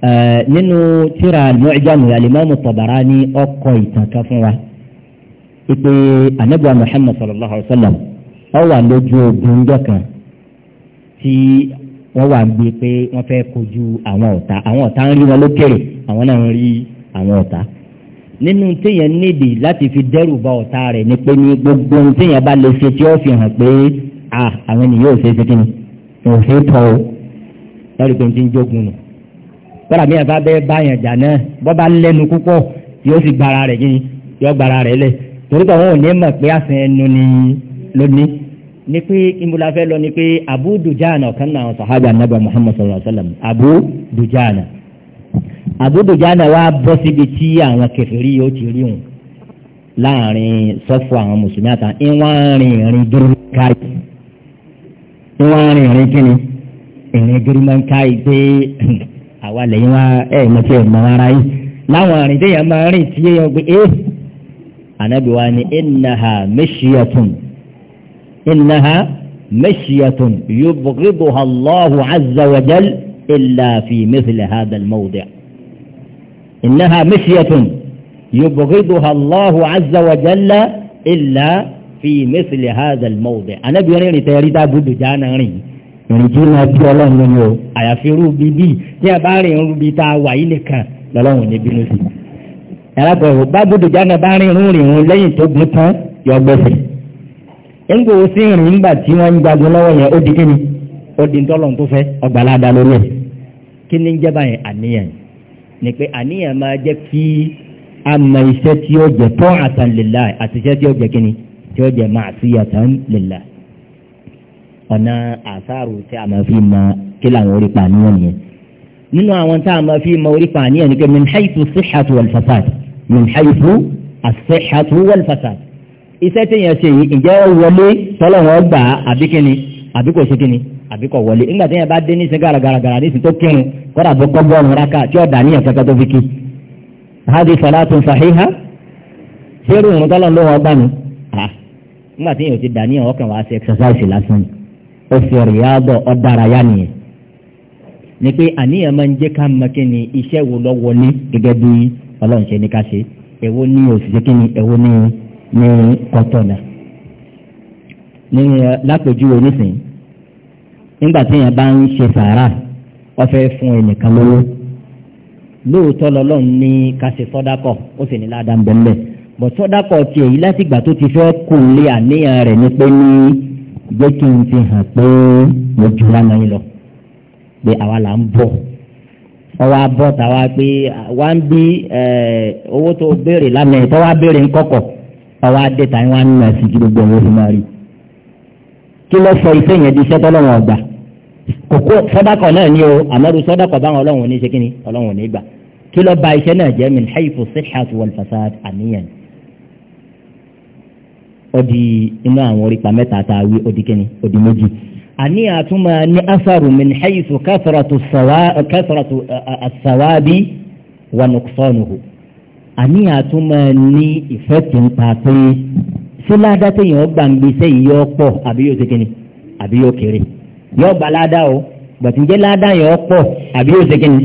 Speaker 1: آه ترى المعجم الإمام الطبراني أقوي تكفوا إتي النبي محمد صلى الله عليه وسلم أو أن لجوا بندكا في wọ́n wà ń gbé pé wọ́n fẹ́ kojú àwọn ọ̀tá àwọn ọ̀tá ń rí wọn lókèrè àwọn náà ń rí àwọn ọ̀tá nínú téèyàn nídìí láti fi dẹ́rù bá ọ̀tá rẹ̀ ni pé ní gbogbo ohun téèyàn bá lè ṣe tí ó fi hàn pé àwọn ènìyàn ò ṣe é ṣe kí ni ò ṣe é tọ́ o lórí pé n ti ń jogun nù kọ́ra mi àbá bẹ́ẹ̀ báyàn jà náà bọ́ bá lẹ́nu púpọ̀ yóò sì gbara rẹ̀ kí ni yóò gbara rẹ̀ lẹ̀ torí pé àwọn ò ní mọ̀ pé àsìn ẹnu ni lónìí ni pé ìmúlá lọ ni pé Abu Dujana ọ̀kan náà sàhábà nàbà Muhammad sallallahu alayhi wa sallam Abu Dujana àbúdòjánà wa bọ́ síbi tí àwọn kẹfìrí yóò ti rí wọn láàrin sọ́fù àwọn mùsùlùmí àtà ìwọ̀n rìn ìrìn gírímọ̀nkáì ìwọ̀n rìn ìrìn kíni ìrìn gírímọ̀nkáì pé àwa lẹ́yìn wa ẹ̀ mọ̀tí ẹ̀ mọ̀ ara yìí láwọn àrìn téèyàn máa rìn tí yóò gbé e ànábì wa ni ìnáha mẹ́ṣíyàtún ìnáha mẹ́ṣíyàtún yóò bọ̀gbẹ́bọ̀ Allahu azza wa jal illa fi mithli hadha al-mawdi'. إنها مشية يبغضها الله عز وجل إلا في مثل هذا الموضع أنا بيريني تيريدا بودو جانا رين ìrìnjú náà bí ọlọ́run lónìí o àyàfi irú bí bí tí a bá rìn irú bí tá a wà yìí nìkan lọ́lọ́run ní bínú sí. ẹ̀rọ ìwò bá gbọdọ̀ jáde bá rìn irú rìn lẹ́yìn tó gbé tán yọ gbẹ̀sẹ̀. ńgbò sí rìn nígbà tí wọ́n ń jagun lọ́wọ́ yẹn ó di kíni ó di ńtọ́lọ́run tó fẹ́ ọgbàládà lórí ẹ̀ kí ni ń jẹ́ báyẹn àníyàn yìí ni pé àníyàn máa jẹ́ kí a mọ iṣẹ́ tí ó jẹ́ tọ́ àtàlélà àti iṣẹ́ tí ó jẹ́ kíni tí ó jẹ́ máa sí àtàlélà ọ̀nà àsáàrù tí a máa fi mọ kí làwọn orí pàníyàn nìyẹn nínú àwọn tá a máa fi mọ orí pàníyàn ni pé min haythu sihhatu wal fasad min haythu as-sihhatu wal fasad iṣẹ́ tí yẹn ṣe yìí ìjẹ́ wọlé tọ́lọ́wọ́ gbà àbíkíni. àbí kò ṣe kíni àbí kò wọlé nígbà tí yẹn bá dé níṣẹ́ gàràgàràgàrà níṣẹ́ tó kírun kọ́dà bó kọ́ bọ́ọ̀lù raka tí ọ̀dà níyàn kankan tó fi kí. hadi salatun sahiha ṣérù òun tọ́lọ̀ ló wọ́n gbà mí. nígbà tí yẹn ò ti dà níyàn ọkàn wá sí ẹ̀ksásáìsì lásán ni
Speaker 2: ó fi rìádọ̀ ọ̀dàrà yá nìyẹn.
Speaker 1: ni pé àníyàn máa ń jẹ́ ká mọ iṣẹ́ wo lọ wọlé gẹ́gẹ́ bí ọlọ́run ṣe ní ká ṣe èwo ní eh, lápèjúwe nísìnyí nígbà tí èèyàn bá ń ṣe sàárà wọ́n fẹ́ fún ẹnìkan lówó lóòótọ́ lọ́lọ́run ní ká ṣe sọ́dákọ̀ ó sì ní ládàá ńbẹ́ńbẹ́ bọ̀ sọ́dákọ̀ ti èyí láti ìgbà tó ti fẹ́ kù lé àníyàn rẹ̀ ní pé ní jẹ́ kí n ti hàn pé mo jù lánàá yín lọ pé àwa là ń bọ̀ wọ́n wá bọ̀ táwa pé wá ń bí eh, owó tó béèrè lánàá yìí tó wá béèrè ńkọ̀kọ̀ wọ́n wá dé tàyín wá ń nà sí kí gbogbo owó fi máa rí i kí ló sọ iṣẹ́ yẹn di iṣẹ́ tọ́lọ́wọ̀n ọgbà kókó sọ́dákọ̀ náà ni o àmọ́rú sọ́dákọ̀ báwọn ọlọ́run ní ṣe kí ni ọlọ́run ò ní gbà kí ló ba iṣẹ́ náà jẹ́ min haifu sihhatu wal fasad àníyàn ó di inú àwọn orípa mẹ́ta tá a wí ó kí ni ó méjì àníyàn àtúmọ̀ ní asaru min haifu kathratu as-sawabi wa nuqsanuhu àníyàn àtúmọ̀ ní ìfẹ́ tí ń pa pé ṣé ládá téèyàn gbàǹgbèsè yìí yọ pọ̀ àbí yóò ṣe kíni àbí yóò kéré yọ gbà ládá o gbàtí ń jẹ́ ládá yọ pọ̀ àbí yóò ṣe kíni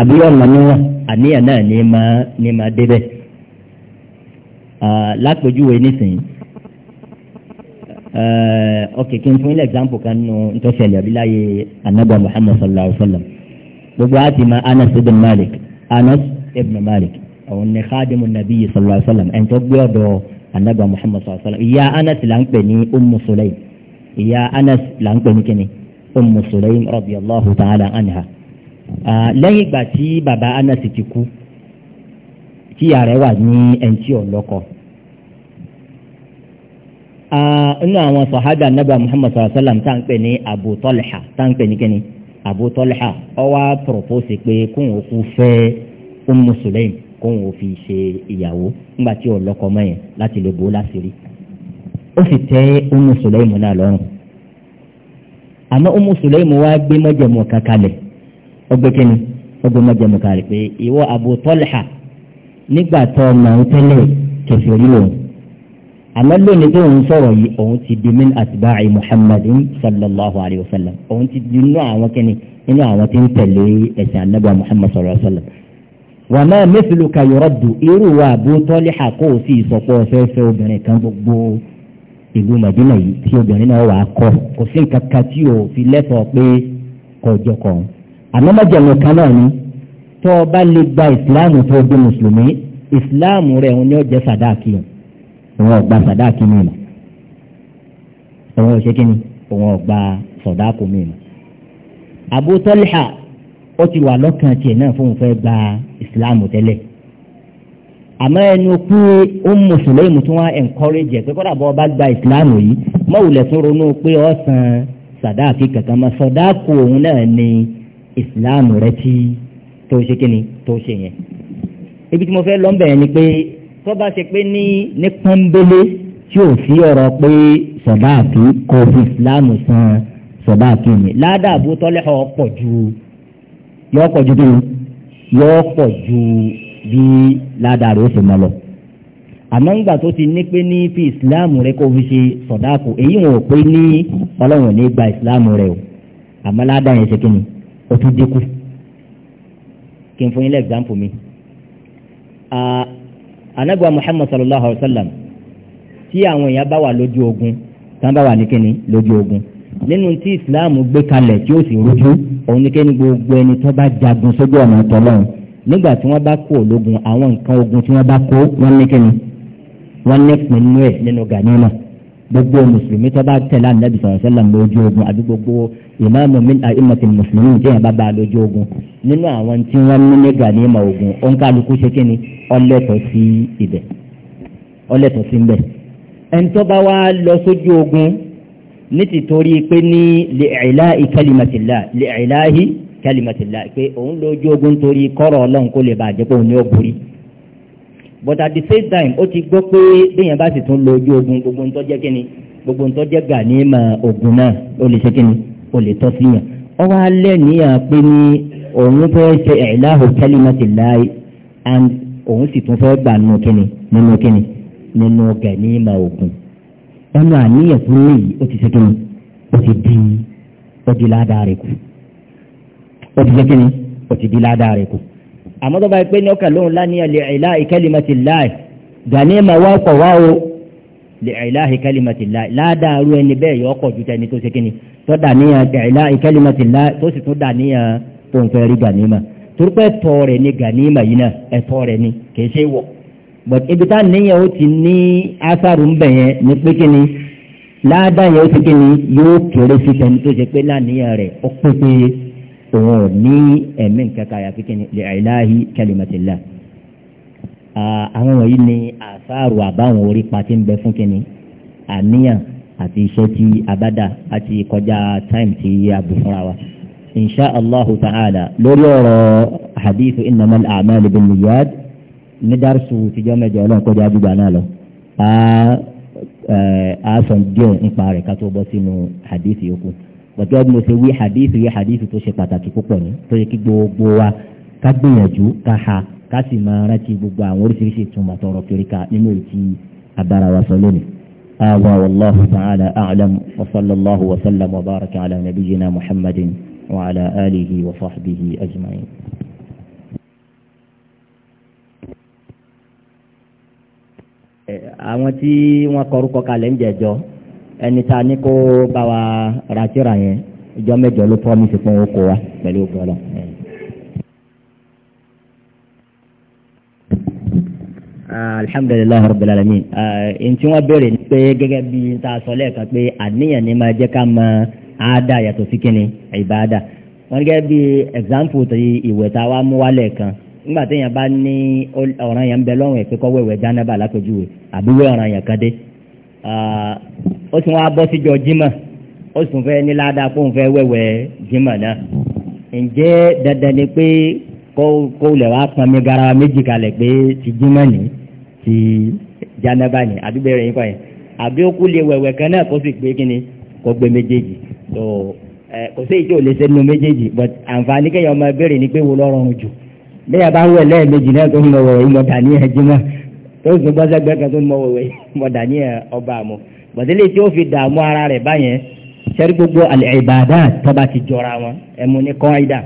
Speaker 1: àbí yóò nà níwọ̀n àníyàn náà ní máa ní máa débẹ̀. lápèjúwe nísìnyí ok kí n fún ilé example kan nù ntọ́sẹ̀lẹ̀ àbí láyé anábà Muhammad sallallahu alayhi wa sallam gbogbo àti ma Anas ibn Malik Anas ibn Malik òun ni khadimu nabiyyi sallallahu alayhi wa sallam ẹ̀ ń anabi muhammad sallallahu alaihi wa sallam ìyá anas là ń pè ní ummu sulaim ìyá anas là ń pè ní kíni ummu sulaim radiyallahu ta'ala anha lẹ́yìn ìgbà tí baba anas ti kú tí ìyá rẹ̀ wà ní ẹ̀ǹtí ọ̀lọ́kọ inú àwọn sọ̀hádà anabi muhammad sallallahu alaihi wa sallam tá ń pè ní abu talha tá ń pè ní kíni abu talha ó wá propose pé kóun ó kú fẹ́ ummu sulaim kóun ò fi ṣe ìyàwó nígbà tí ò lọ́kọ mọ́ yẹn láti lè bò ó láṣìírí. ó sì tẹ́ Ummu Sulaimu náà lọ́rùn àmọ́ Ummu Sulaimu wá gbé mọ́jẹ̀mú kankanlẹ̀ ọgbẹ́ kẹ́ni ọgbẹ́ mọ́jẹ̀mú kankanlẹ̀ pé ìwọ Abu Talha nígbà tó ọmọ òun tẹ́lẹ̀ kẹfì orí lòun àmọ́ lónìí tó ń sọ̀rọ̀ yìí òun ti di min atba'i Muhammadin sallallahu alayhi wa sallam òun ti di inú àwọn kẹ́ni inú àwọn tí ń Muhammad sallallahu sallam wà máa mẹ́fìlú ka yọ̀rọ̀ dùn irú wa àbó tọ́líhà kó o sì sọ̀pọ̀ ọ̀fẹ́fẹ́ obìnrin kan gbogbo ìlú màdínà yìí tí obìnrin náà wà á kọ́ kò sí nǹkan kan tí o fi lẹ́tọ̀ọ́ pé kọjọ kọ̀ àmọ́ májèlé kan náà ni tó o bá lè gba ìsìláàmù tó o bí mùsùlùmí ìsìláàmù rẹ̀ òun ni jẹ́ sàdáàkì òun ọ̀gbà sàdáàkì mìíràn òun ò ṣe kí ni òun ọ̀gbà sàdáàkì mìíràn àbó tọ́líhà ó ti wà lọ́kàn tiẹ̀ náà fóun fẹ́ gba ìsìláàmù tẹ́lẹ̀ àmọ́ ẹnu pé ó ń mùsùlùmí tí wọ́n encourage ẹ̀ pé kọ́dà bọ́ bá gba ìsìláàmù yìí mọ́wùlẹ̀ tún ronú pé ó san sàdáàkì kankan mọ́ sọdáàkù òun náà ni ìsìláàmù rẹ tí tó ṣe kíni tó ṣe yẹn ibi tí mo fẹ́ lọ́nbẹ̀ ni pé tó bá ṣe pé ní ní pọ́nbélé tí ò sí ọ̀rọ̀ pé sọdáàkì kò fi ìsìláàmù san sọdáàkì mi ládàbò tọ́lẹ́họ̀ pọ̀ ju yọ pọ̀ ju bíi yọ pọ̀ ju bí ládàá rẹ̀ ó fi mọ lọ. àmọ́ ìgbà tó ti ní pé ní fi ìsìláàmù rẹ kó fi ṣe sọ̀dáàkù èyí wọn ò pé ní ọlọ́run ní gba ìsìláàmù rẹ o àmọ́ ládàá yẹn ṣe kí ni ó tún dínkù. kí n fún yín lẹ́ mi. anagba muhammad sallallahu alayhi wa sallam tí àwọn èèyàn bá wà lójú ogun tán bá wà ní kíni lójú ogun nínú tí ìsìláàmù gbé kalẹ̀ tí ó sì rújú òun ni kéni gbogbo ẹni tó bá jagun sójú ọ̀nà tọ́lọ́run nígbà tí wọ́n bá kó ológun àwọn nǹkan ogun tí wọ́n bá kó wọ́n ní kíni wọ́n ní pinnu ẹ̀ nínú ganima gbogbo mùsùlùmí tó bá tẹ̀lé ànábì sọ̀rọ̀ sẹ́lẹ̀ lójú ogun àbí gbogbo ìmáàmù min àìmọ̀tì mùsùlùmí jẹ́ yẹn bá bá a lójú ogun nínú àwọn tí wọ́n ní ní ganima ogun ó ń kálukú ṣe kíni ọlẹ́tọ̀ sí ibẹ̀ ọlẹ́tọ̀ sí ń bẹ̀ ẹni tó bá wá lọ sójú ogun ní ti torí pé ní li'ilahi kalimatillah li'ilahi kalimatillah pé òun ló jogun torí kọ́rọ̀ ọlọ́run kó lè bàa pé òun ni ó borí but at the same time ó ti gbọ́ pé bẹ́yẹn bá sì tún lo ojú ogun gbogbo ń tọ́jẹ́ kínni gbogbo ń tọ́jẹ́ gà ní ìmọ̀ ogun náà ó lè ṣe kínni ó lè tọ́ sí yàn ọ wá lẹ́nìyàn pé ní òun fẹ́ ṣe i'lahu kalimatillah and òun sì tún fẹ́ gbà nínú kínni nínú kínni nínú gà ní ìmọ̀ ogun ẹnu àníyàn tó ní yìí ó ti ṣe kíni ó ti di ó di ládàá rẹ̀ kù ó ti ṣe kíni ó ti di ládàá rẹ̀ kù. àmọ́ tó bá pẹ́ ní ọkàn lóhùn láníyàn lè ìlà ìkẹ́lìmọ̀tì láì ghanima wá ọkọ̀ wá o lè ìlà ìkẹ́lìmọ̀tì láì ládàá rú ẹni bẹ́ẹ̀ yọ ọkọ̀ ju tẹni tó ṣe kíni tó dà níyàn lè ìlà ìkẹ́lìmọ̀tì láì tó sì tún dà níyàn tó ń fẹ́ rí ghanima torípẹ́ ẹ̀tọ́ rẹ̀ ni ghanima yìí náà ẹ̀tọ́ rẹ̀ ni kì í ṣe wọ̀ but ibi tá níyàn ó ti ní ásáàrù ń bẹ̀ yẹn ní pé kí ni láàdá yẹn ó ti kí ni yóò kéré sí tẹni tó ṣe pé láàníyàn rẹ̀ ó pé pé òun ò ní ẹ̀mí nǹkan kan àyàfi kí ni lè àìláhi kẹlìmọ̀tìlá àwọn wọ̀nyí ni àsáàrù àbáwọn orí pa ń bẹ fún kí ni àníyàn àti iṣẹ́ tí a àti kọjá time tí a fúnra wa. insha allahu ta'ala lórí ọ̀rọ̀ hadithu innamal a'malu bin niyad ní dárúsù tìjọ́ mẹ́jọ ọlọ́run kọjá àdúgbò náà lọ a sọ díẹ̀ nípa rẹ̀ ká tó bọ́ sínú hadith yòókù gbọ̀dọ̀ bí mo ṣe wí hadith yìí hadith tó ṣe pàtàkì púpọ̀ ní tó yẹ kí gbogbo wa ká gbìyànjú ká ha ká sì máa rántí gbogbo àwọn oríṣiríṣi ìtumọ̀ tọrọ kiri ká nínú ìtì abára wa sọ lónìí. هذا والله تعالى أعلم وصلى الله وسلم وبارك على نبينا محمد وعلى آله وصحبه أجمعين àwọn tí wọ́n kọrúkọ kalẹ̀ ń jẹ̀jọ́ ẹni tá a ní kó bá wa ra tírà yẹn ìjọ mẹ́jọ ló promise fún wọn kó wa pẹ̀lú ògbọ́n lọ. alhamdulilayi rabbil alamin ntí wọn béèrè ni pé gẹ́gẹ́ bí n ta sọ lẹ́ẹ̀kan pé àníyàn ni máa jẹ́ ká mọ àádá yàtọ̀ sí kínní ìbáadà wọn gẹ́gẹ́ bí example ti ìwẹ̀ tá a mú wálẹ̀ kan nígbà tí èèyàn bá ní ọ̀ràn yẹn ń bẹ lọ́rùn ẹ̀ pé kọ́ wẹ̀wẹ̀ jánábà lápẹ̀júwe àbúwé ọ̀ràn yẹn kan dé ó sì wọ́n á bọ́ síjọ jímọ̀ ó sì fẹ́ ní ládàá kó ń fẹ́ wẹ̀wẹ̀ jímọ̀ náà ǹjẹ́ dandan ni pé kó lẹ̀ wá pọnmi garawa méjì kalẹ̀ pé ti jímọ̀ ni ti jánábà ni àbí bẹ́ẹ̀ rẹ̀ yín kọ́ yẹn àbí ó kú lè wẹ̀wẹ̀ kan náà kó sì gbé kíni kó gbé méjèèjì so kò sí èyí tí ò lè ṣe nínú méjèèjì but àǹfààní kéèyàn máa béèrè ni pé wo lọ́rùn jù bí a bá ń wẹ̀ lẹ́ẹ̀mejì náà tó ń lọ wẹ̀wẹ̀ ìmọ̀dà ní ẹjọ́ tó ń gbọ́ sẹ́gbẹ́ kan tó ń lọ wẹ̀wẹ̀ ìmọ̀dà ní ọba àmọ́ bọ̀dẹ́lẹ̀ tí ó ara rẹ̀ báyẹn sẹ́rí gbogbo àlẹ́ tọ́ba ti jọra wọn ẹ̀mú ní kọ́ńdà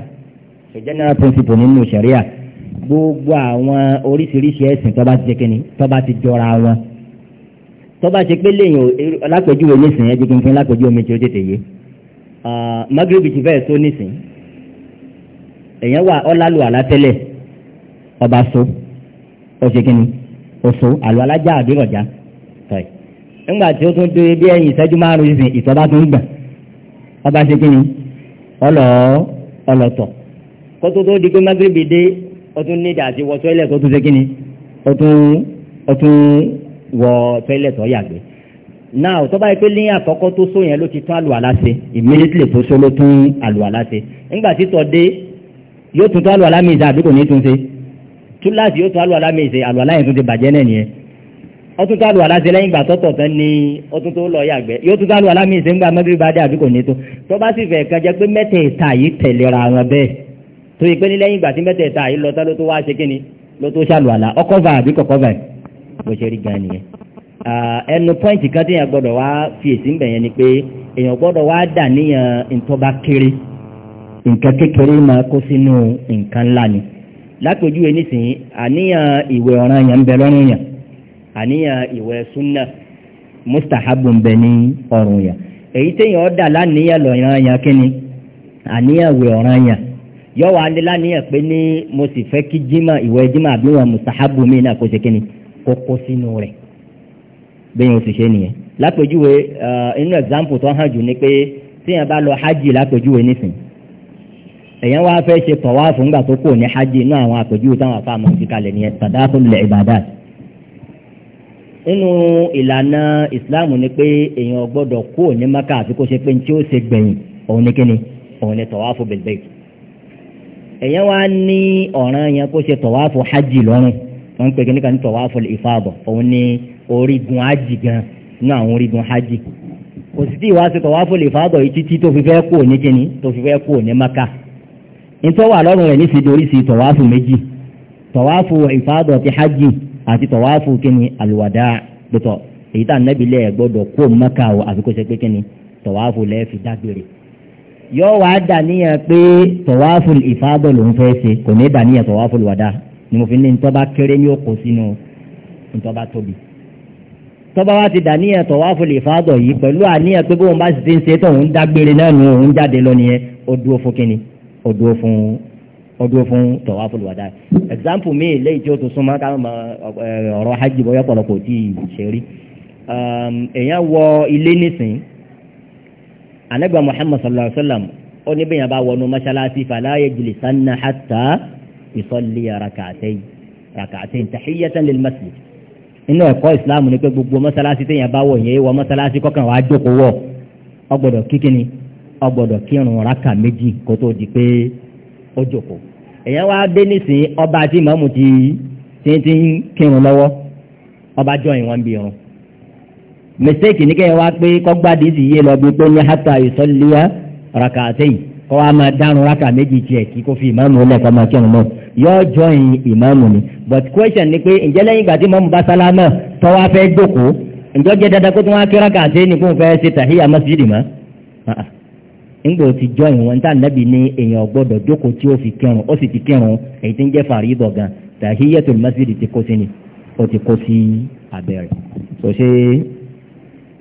Speaker 1: general principle nínú sẹ̀ríà gbogbo àwọn oríṣiríṣi ẹ̀sìn tọ́ba ti jẹ́kẹ́ni tọ́ba ti jọra wọn tọ́ba pé ti wà ọ́ lálù ọba so ó ṣe kíni ó so àlọ́ alájà àbí rọ̀já tọ́yì nígbà tí ó tún dé bí ẹ̀yìn ìṣẹ́jú márùn-ún ìsìn ìtọ́ba tó ń gbà ọba ṣe kíni ọlọ́ ọlọ́tọ̀ kó tó tó di pé magrebi dé ó tún ní ìdá àti wọ tọ́ílẹ̀ tó tún ṣe kíni ó tún ó tún wọ tọ́ílẹ̀ tó yàgbé náà tó bá yẹ pé ní àkọ́kọ́ tó so yẹn ló ti tún àlùwàlá ṣe immediately tó so ló tún àlùwàlá ṣe nígbà títọ́ dé yóò tún tún àlùwàlá mi ìdá àbí kò ní tún ṣe túláàsì yóò tún àlùwàlá mi ṣe àlùwàlá yẹn tún ti bàjẹ́ náà nìyẹn ó tún tún àlùwàlá ṣe lẹ́yìn ìgbà tọ́tọ̀ tán ni ó tún tó lọ yàgbẹ́ yóò tún tún àlùwàlá mi ṣe ń gba mẹ́tìrì bá dé àbí kò ní tó tó bá sì fẹ́ kan jẹ́ pé mẹ́tẹ̀ẹ̀ta yìí tẹ̀lera wọn bẹ́ẹ̀ tó yẹ pé ní lẹ́yìn ìgbà tí mẹ́tẹ̀ẹ̀ta yìí lọ tán ló tó wá ṣe kíni ló tó ṣe rí gan lápèjúwe nísìnyí àníyàn ìwẹ̀ ọ̀ràn yẹn ń bẹ lọ́rùn yẹn àníyàn ìwẹ̀ súnà mustahabu ń bẹ ní ọ̀rùn yẹn èyí téèyàn ọ̀dà láníyàn lọ́ràn yẹn kíni àníyàn ìwẹ̀ ọ̀ràn yẹn yọ wà ní láníyàn pé ní mo sì fẹ́ kí jimá ìwẹ̀ jimá àbí wọn mustahabu mi náà kó ṣe kíni kó kó sínú rẹ̀ bẹ́ẹ̀ o sì ṣe nìyẹn lápèjúwe inú example tó hàn jù ni pé téèyàn bá lọ hajj lápèjúwe nísìnyí èyàn wá fẹ́ ṣe tọ̀wá fún gbà tó kù ní hajj inú àwọn àpèjúwe táwọn afá máa ń kalẹ̀ nìyẹn nínú ìlànà ìsìláàmù ni pé èyàn gbọ́dọ̀ ní maka àfi kó ṣe pé tí ó ni kíni òun ni tọ̀wá fún èyàn wá ní ọ̀ràn yẹn kó ṣe ní tọ̀wá fún ìfàbọ̀ òun ni orígun hajj gan ní àwọn orígun hajj kò tí ṣe tọ̀wá fún ìfàbọ̀ yìí títí tó fi fẹ́ nítorí wà lọ́rùn rẹ̀ nífi dorí sí tọ̀wáfù méjì tọ̀wáfù ìfádọ̀ ti hajj àti tọ̀wáfù kíni àlùwàdà pẹ̀tọ̀ èyí tá nẹ́bílẹ̀ gbọ́dọ̀ kó mẹ́ka o àfi kó ṣe pé kíni tọ̀wáfù lẹ́ẹ̀fi dágbére yóò wá dàníyàn pé tọ̀wáfù ìfádọ̀ lòún fẹ́ ṣe kò ní dàníyàn tọ̀wáfù àlùwàdà ni mo fi ní ntọ́ bá kéré ní òkò sínú ntọ́ bá tóbi tọ́ba wa ti dà ní ẹ̀tọ́ wá fún ìfádọ̀ yìí pẹ̀lú àníyàn pé bóun bá sì ti ń ṣe tó òun dágbére náà nù òun jáde lọ nìyẹn ó dúró fún kínní ọdún fún ọdún fún tawaful wada example mi lẹ́yìn tí ó tún súnmọ́ káwọn mọ ọ̀rọ̀ hajj bọ́yọ̀ pọ̀lọpọ̀ tí ì ṣe rí um, èèyàn wọ ilé nísìn anagba muhammad sallallahu alayhi wa sallam ó ní bẹ́yàn bá wọnú mọ́ṣáláṣí fala yajlisanna hatta yusalli rak'atayn rak'atayn tahiyyatan lil masjid inú ẹ̀kọ́ ìsìláàmù ni pé gbogbo mọ́ṣáláṣí téèyàn bá wọ̀ yẹn wọ mọ́ṣáláṣí kọ́kàn wàá jókòó wọ̀ ó kíkíni ọgbọ́dọ̀ kírun raka méjì kó tó di pé ó jòkó èyàn wá dé nísìnyí ọba àti ìmọ̀mù ti ti ń kírun lọ́wọ́ ọba jọyìn wọn bí irun mistake ní kẹ́yìn wá pé kọ́gbádìí sì yé lọ bí pé ní hata ìsọ́líyà rákà àtẹ̀yìn kọ́ wa máa dárun rákà méjì tiẹ̀ kí kó fi ìmọ̀mù lẹ́kọ̀ọ́ máa kírun náà yóò join ìmáàmù ni but question ni pé ǹjẹ́ lẹ́yìn ìgbà tí mọ́mù bá sálámà tó wá fẹ́ jókòó ǹjọ́ jẹ́ dandan kó tún wá kí rákà àti kó fẹ́ ṣe tàhíyà mọ́sídìí mọ́ ńgbò ti jọ ìwọ̀n tá nàbì ní èèyàn gbọ́dọ̀ jókòó tí o fi kírun ó sì ti kírun èyí tí ń jẹ́ fàárí bọ̀ gan tahiyatul masjid ti kó sí ni o ti kó sí abẹ́rẹ́ tó ṣe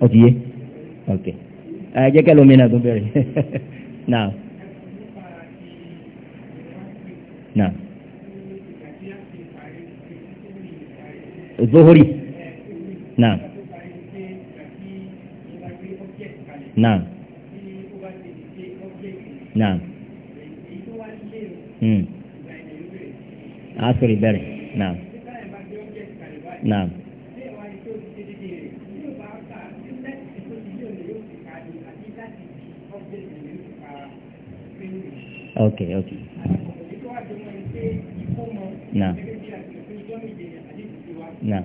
Speaker 1: ó ti yé ok ẹ jẹ́ kẹ́ lómi náà tó bẹ̀rẹ̀ náà náà zohori náà náà náà hmm. asiri bẹ̀rẹ̀ náà náà. ok ok. náà náà.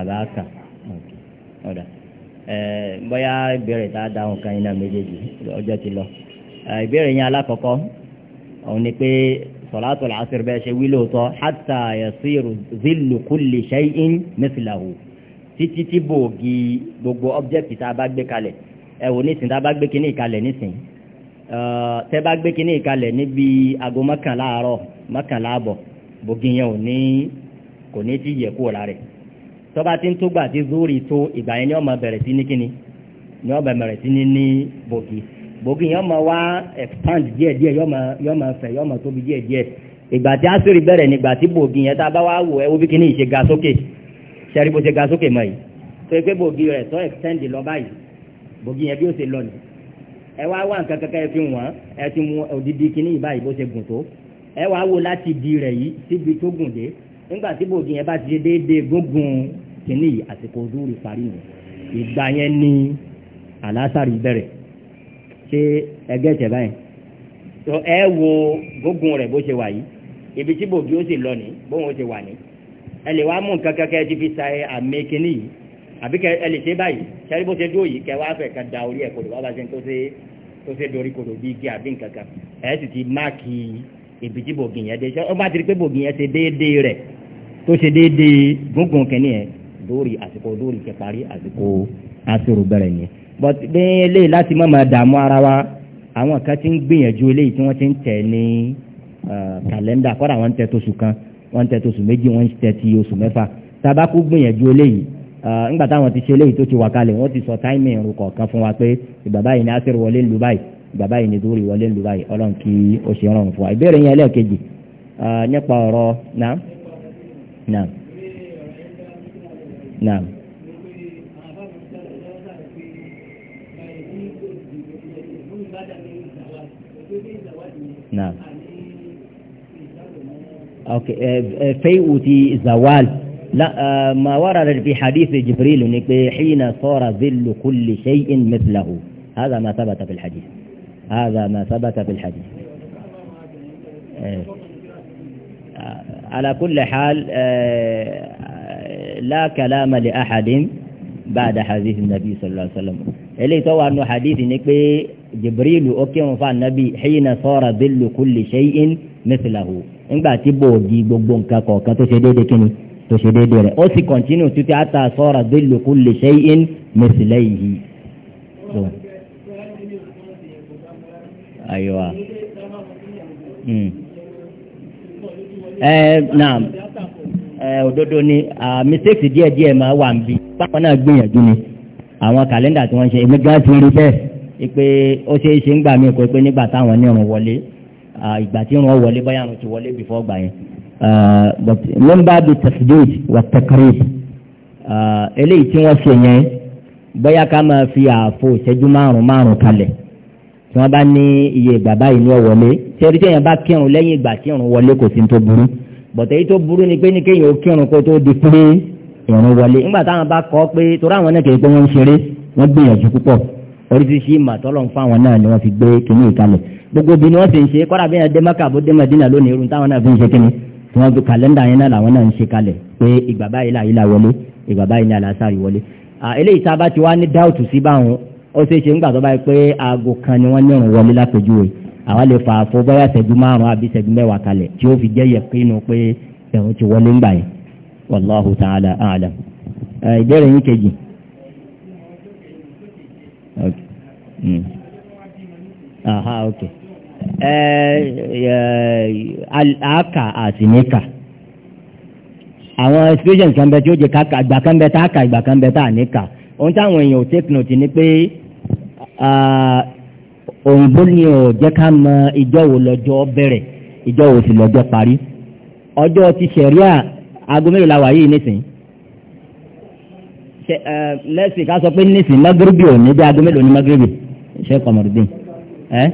Speaker 1: àbáàkà ok ọ̀dà. Okay bóyá ìbéèrè tá a dáhùn kan iná méjèèjì ọjọ́ ti lọ ìbéèrè yẹn alákọ̀ọ́kọ́ òun ni pé sọ̀látò làásìrì bẹ́ẹ̀ ṣe wí lóòótọ́ hátà yasiru zillu kulli shay'in mithlahu títí tí bòògì gbogbo ọ́bjẹ́kì tá a bá gbé kalẹ̀ ẹ wò nísìn tá a bá gbé kinní ìkalẹ̀ nísìn tẹ́ bá gbé kinní ìkalẹ̀ níbi aago mọ́kànlá àárọ̀ mọ́kànlá àbọ̀ bòògì yẹn ò ní kò ní ti yẹ kúrò lára rẹ̀ tọ́ba tí ń tó gbà tí zúrì tó ìgbà yẹn ni ọmọ bẹ̀rẹ̀ sí ní kíni ni ọmọ bẹ̀rẹ̀ sí ní ní bògì bògì yẹn ọmọ wá expand díẹ̀ díẹ̀ yọmọ fẹ̀ yọmọ tóbi díẹ̀ díẹ̀ ìgbà tí asiri bẹ̀rẹ̀ ni ìgbà tí bògì yẹn tá a bá wá wò ẹ́ wó bí kíní ìṣe ga sókè ṣẹ́rí bó ṣe ga sókè mọ́ yìí tó yẹ pé bògì rẹ̀ tó extend lọ báyìí bògì yẹn bí ó ṣe lọ nìyí ẹ wá wá nǹkan kankan ẹ fi wọ́n ẹ ti mú odidi kìíní ìbáyìí bó ṣe gùn tó ẹ wá wo láti di rẹ̀ yìí síbi tó gùn dé nígbà tí bòdì yẹn bá ti ṣe déédéé gúngún kìíní yìí àsìkò zúrì parí nù ìgbà yẹn ní àlásàrì bẹ̀rẹ̀ ṣé ẹgẹ́ tẹ̀ báyìí tó ẹ wo gúngún rẹ̀ bó ṣe wà yìí ibi tí bòdì ó sì lọ ní bóun ó ṣe wà ní ẹ lè wá mú nǹkan kẹ́kẹ́ ti fi sa àmì kìíní yìí àbí kẹ ẹ lè ṣe báyìí ṣẹ́rí bó ṣe dúró yìí kẹ wáá fẹ́ ká da orí ẹ̀ kodò wá bá ṣe tó ṣe tó ṣe dorí kodò tó ṣe déédéé gúngùn kìíní yẹn lórí àsìkò lórí kẹparí àsìkò àsìrò bẹ̀rẹ̀ yẹn but bí eléyìí láti má máa dààmú ara wa àwọn kan ti ń gbìyànjú eléyìí tí wọ́n ti ń tẹ̀ ní kàlẹ́ndà kọ́dà wọ́n ń tẹ̀ tóṣù kan wọ́n ń tẹ̀ tóṣù méjì wọ́n ń tẹ̀ ti oṣù mẹ́fà tabakú gbìyànjú eléyìí ńgbà táwọn ti ṣe eléyìí tó ti wà kalẹ̀ wọ́n ti sọ táìmì ìrùn kọ̀ọ̀kan fún wa pé ìbàbá báyìí ni نعم نعم نعم اوكي آه، آه، فيؤتي زوال لا آه، ما ورد في حديث جبريل حين صار ذل كل شيء مثله هذا ما ثبت في الحديث هذا ما ثبت في الحديث على كل حال لا كلام لأحد بعد حديث النبي صلى الله عليه وسلم eléyìí tó wà nù hadithi ni pé jibrilu ó kírun fún anabi hina sọ́ra bílù kulli shay'in mithlahu ńgbà tí bòòdì gbogbo nǹkan kọ̀ọ̀kan tó ṣe déédéé kíni tó ṣe déédéé rẹ̀ ó sì kọ̀ntínú títí àtà sọ́ra bílù kulli shay'in mithlihi. ayiwa. Mm. Eh, na eh, òdodo ni mistake díẹ̀ díẹ̀ máa wà níbí báwọn náà gbìyànjú ni àwọn kàlẹ́ndà tí wọ́n ṣe èmi gan ti rí bẹ́ẹ̀ ipe ó ṣe é ṣe ń gbà mí kó pé nígbà táwọn ní ọ̀run wọlé ìgbà tí wọ́n wọlé bóyá ti wọlé before gbà yẹn but fi ìṣẹ́jú márùn-ún márùn tí wọ́n bá ní iye ìgbà báyìí ní ọ̀wọ́lé tí ẹni tí èèyàn bá kírun lẹ́yìn ìgbà tí ìrun wọlé kò sí tó burú bọ̀tẹ́ yìí tó burú ni pé ní kéèyàn ó kírun kó tó di pé ìrun wọlé nígbà táwọn bá kọ́ pé torí àwọn náà kì í pé wọ́n ń ṣeré wọ́n gbìyànjú púpọ̀ oríṣiríṣi ìmọ̀tọ́lọ̀ ń fáwọn náà ni wọ́n fi gbé kínní ìkalẹ̀ gbogbo bí ni wọ́n sì ń ṣe kọ́ra bí yẹn dé bó dé mọ́dínà lónìí irun táwọn náà fi ń ṣe kínní tí wọ́n fi kàlẹ́ndà yẹn náà làwọn náà ń ṣe kalẹ̀ pé ìgbà báyìí làyí là wọlé ìgbà báyìí ní alásàrì wọlé eléyìí tá a bá ti wá ní dáùtù sí báwọn ó ṣe é ṣe ńgbà tó báyìí aago kan ni wọ́n ní wọlé lápèjúwe àwa lè fà á fún ṣẹ́jú márùn àbí ṣẹ́jú mẹ́wàá kalẹ̀ tí ó fi jẹ́ yẹ̀kínú pé ẹ̀rùn ti wọlé ńgbà yẹn wallahu ta'ala a'lam. ìbéèrè yín kejì. Hmm. aha ok. àti níka àwọn situation kan bẹ tí ó jẹ ká ìgbà kan bẹ tá a ka kan bẹ tá ohun táwọn èèyàn ò take note ni pé òyìnbó ni ò jẹ́ ká mọ ìjọ wo lọ́jọ́ bẹ̀rẹ̀ ìjọ wo sì lọ́jọ́ parí ọjọ́ ti ṣẹ̀ríà aago méjìlá wà yìí nísìnyí lẹ́sìn ká sọ pé nísìnyí magrebi ò ní bí aago mélòó ní magrebi ṣe kọmọdún ẹ́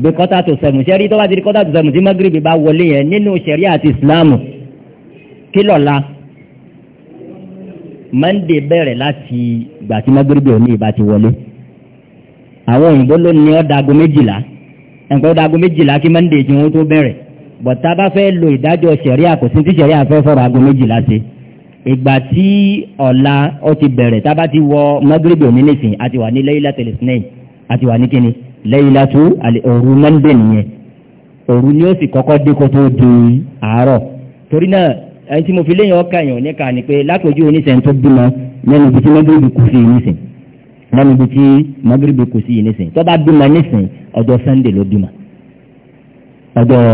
Speaker 1: gbé kọ́tà tó sẹ́mu ṣẹ́rí tó bá ti di kọ́tà tó sẹ́mu tí magrebi bá wọlé yẹn nínú ṣẹ̀ríà àti ìsìláàmù kí lọ́la Monday bẹ̀rẹ̀ láti ìgbà tí magrebi òní ìbá ti wọlé àwọn òyìnbó ló ní ọ̀dàgọ́ méjìlá ẹ̀ǹkan ọ̀dàgọ́ méjìlá kí Monday tí wọ́n tó bẹ̀rẹ̀ bọ̀tá bá fẹ́ lo ìdájọ́ sẹ̀ríà kò sí tí sẹ̀ríà fẹ́ fọ̀rọ̀ aago méjìlá ṣe ìgbà tí ọ̀la ó ti bẹ̀rẹ̀ tábà ti wọ magrebi òní nìsín àti wà ní Laylatul Isnayn àti wà ní kíni Laylatu òru Monday nìyẹn òru ni ó sì kọ́kọ́ dé kó tó di àárọ̀ torí náà ẹni tí mo fi léyìn ọkà èèyàn níka ni pé lápèjú oníṣẹ́ tó bímọ lẹ́nu ibi tí mọ́gìrìbì kù sí nísìn lẹ́nu ibi tí mọ́gìrìbì kù sí nísìn tó bá bímọ nísìn ọjọ́ sunday ló bímọ ọjọ́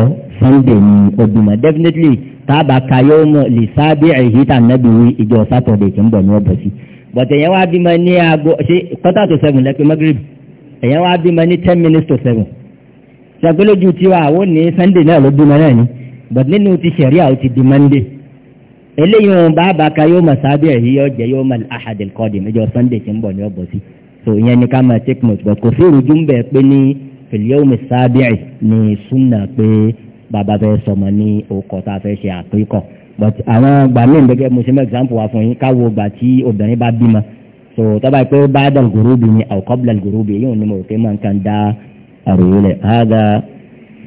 Speaker 1: sunday ni ó bímọ definitely tábà kayọ́ mọ̀ lè sábẹ́ èyí tà nábì wí ìjọ saturday tí ń bọ̀ ní ọ̀bọ̀ sí bọ̀tẹ̀ yẹn wá bímọ ní aago ṣe quarter to seven lẹ́pẹ́ mọ́gìrìbì èyàn wá bímọ ní ten minutes to seven ṣàgbélójú tiwa àwọn ní sunday náà ló bímọ náà ni but nínú ti ṣẹ̀ríà ó ti di monday eléyìí wọn bá bàkà yóò mọ̀ sábẹ́ yìí yóò jẹ́ yóò mọ̀ ahad al-qadim sunday ti ń bọ̀ ní ọ̀bọ̀ sí so ìyẹn ni ká máa take note but kò sí ìrújú ń bẹ̀ pé ní fìlíọ́mù sábẹ́ ni súnà pé bàbá fẹ́ sọmọ ní okọ̀ tá a fẹ́ ṣe àpékọ̀ but àwọn gbà mí gẹ́gẹ́ mo ṣe mọ́ example wa fún yín káwo gbà tí obìnrin bá bímọ so tọ́ba pé bá dàlgòrò bì ní àwòkọ́bìlàlgòrò bì yóò ní mo rò pé máa ń kan dá àròyìn rẹ̀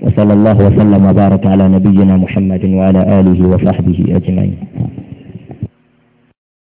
Speaker 1: وصلى الله وسلم وبارك على نبينا محمد وعلى آله وصحبه أجمعين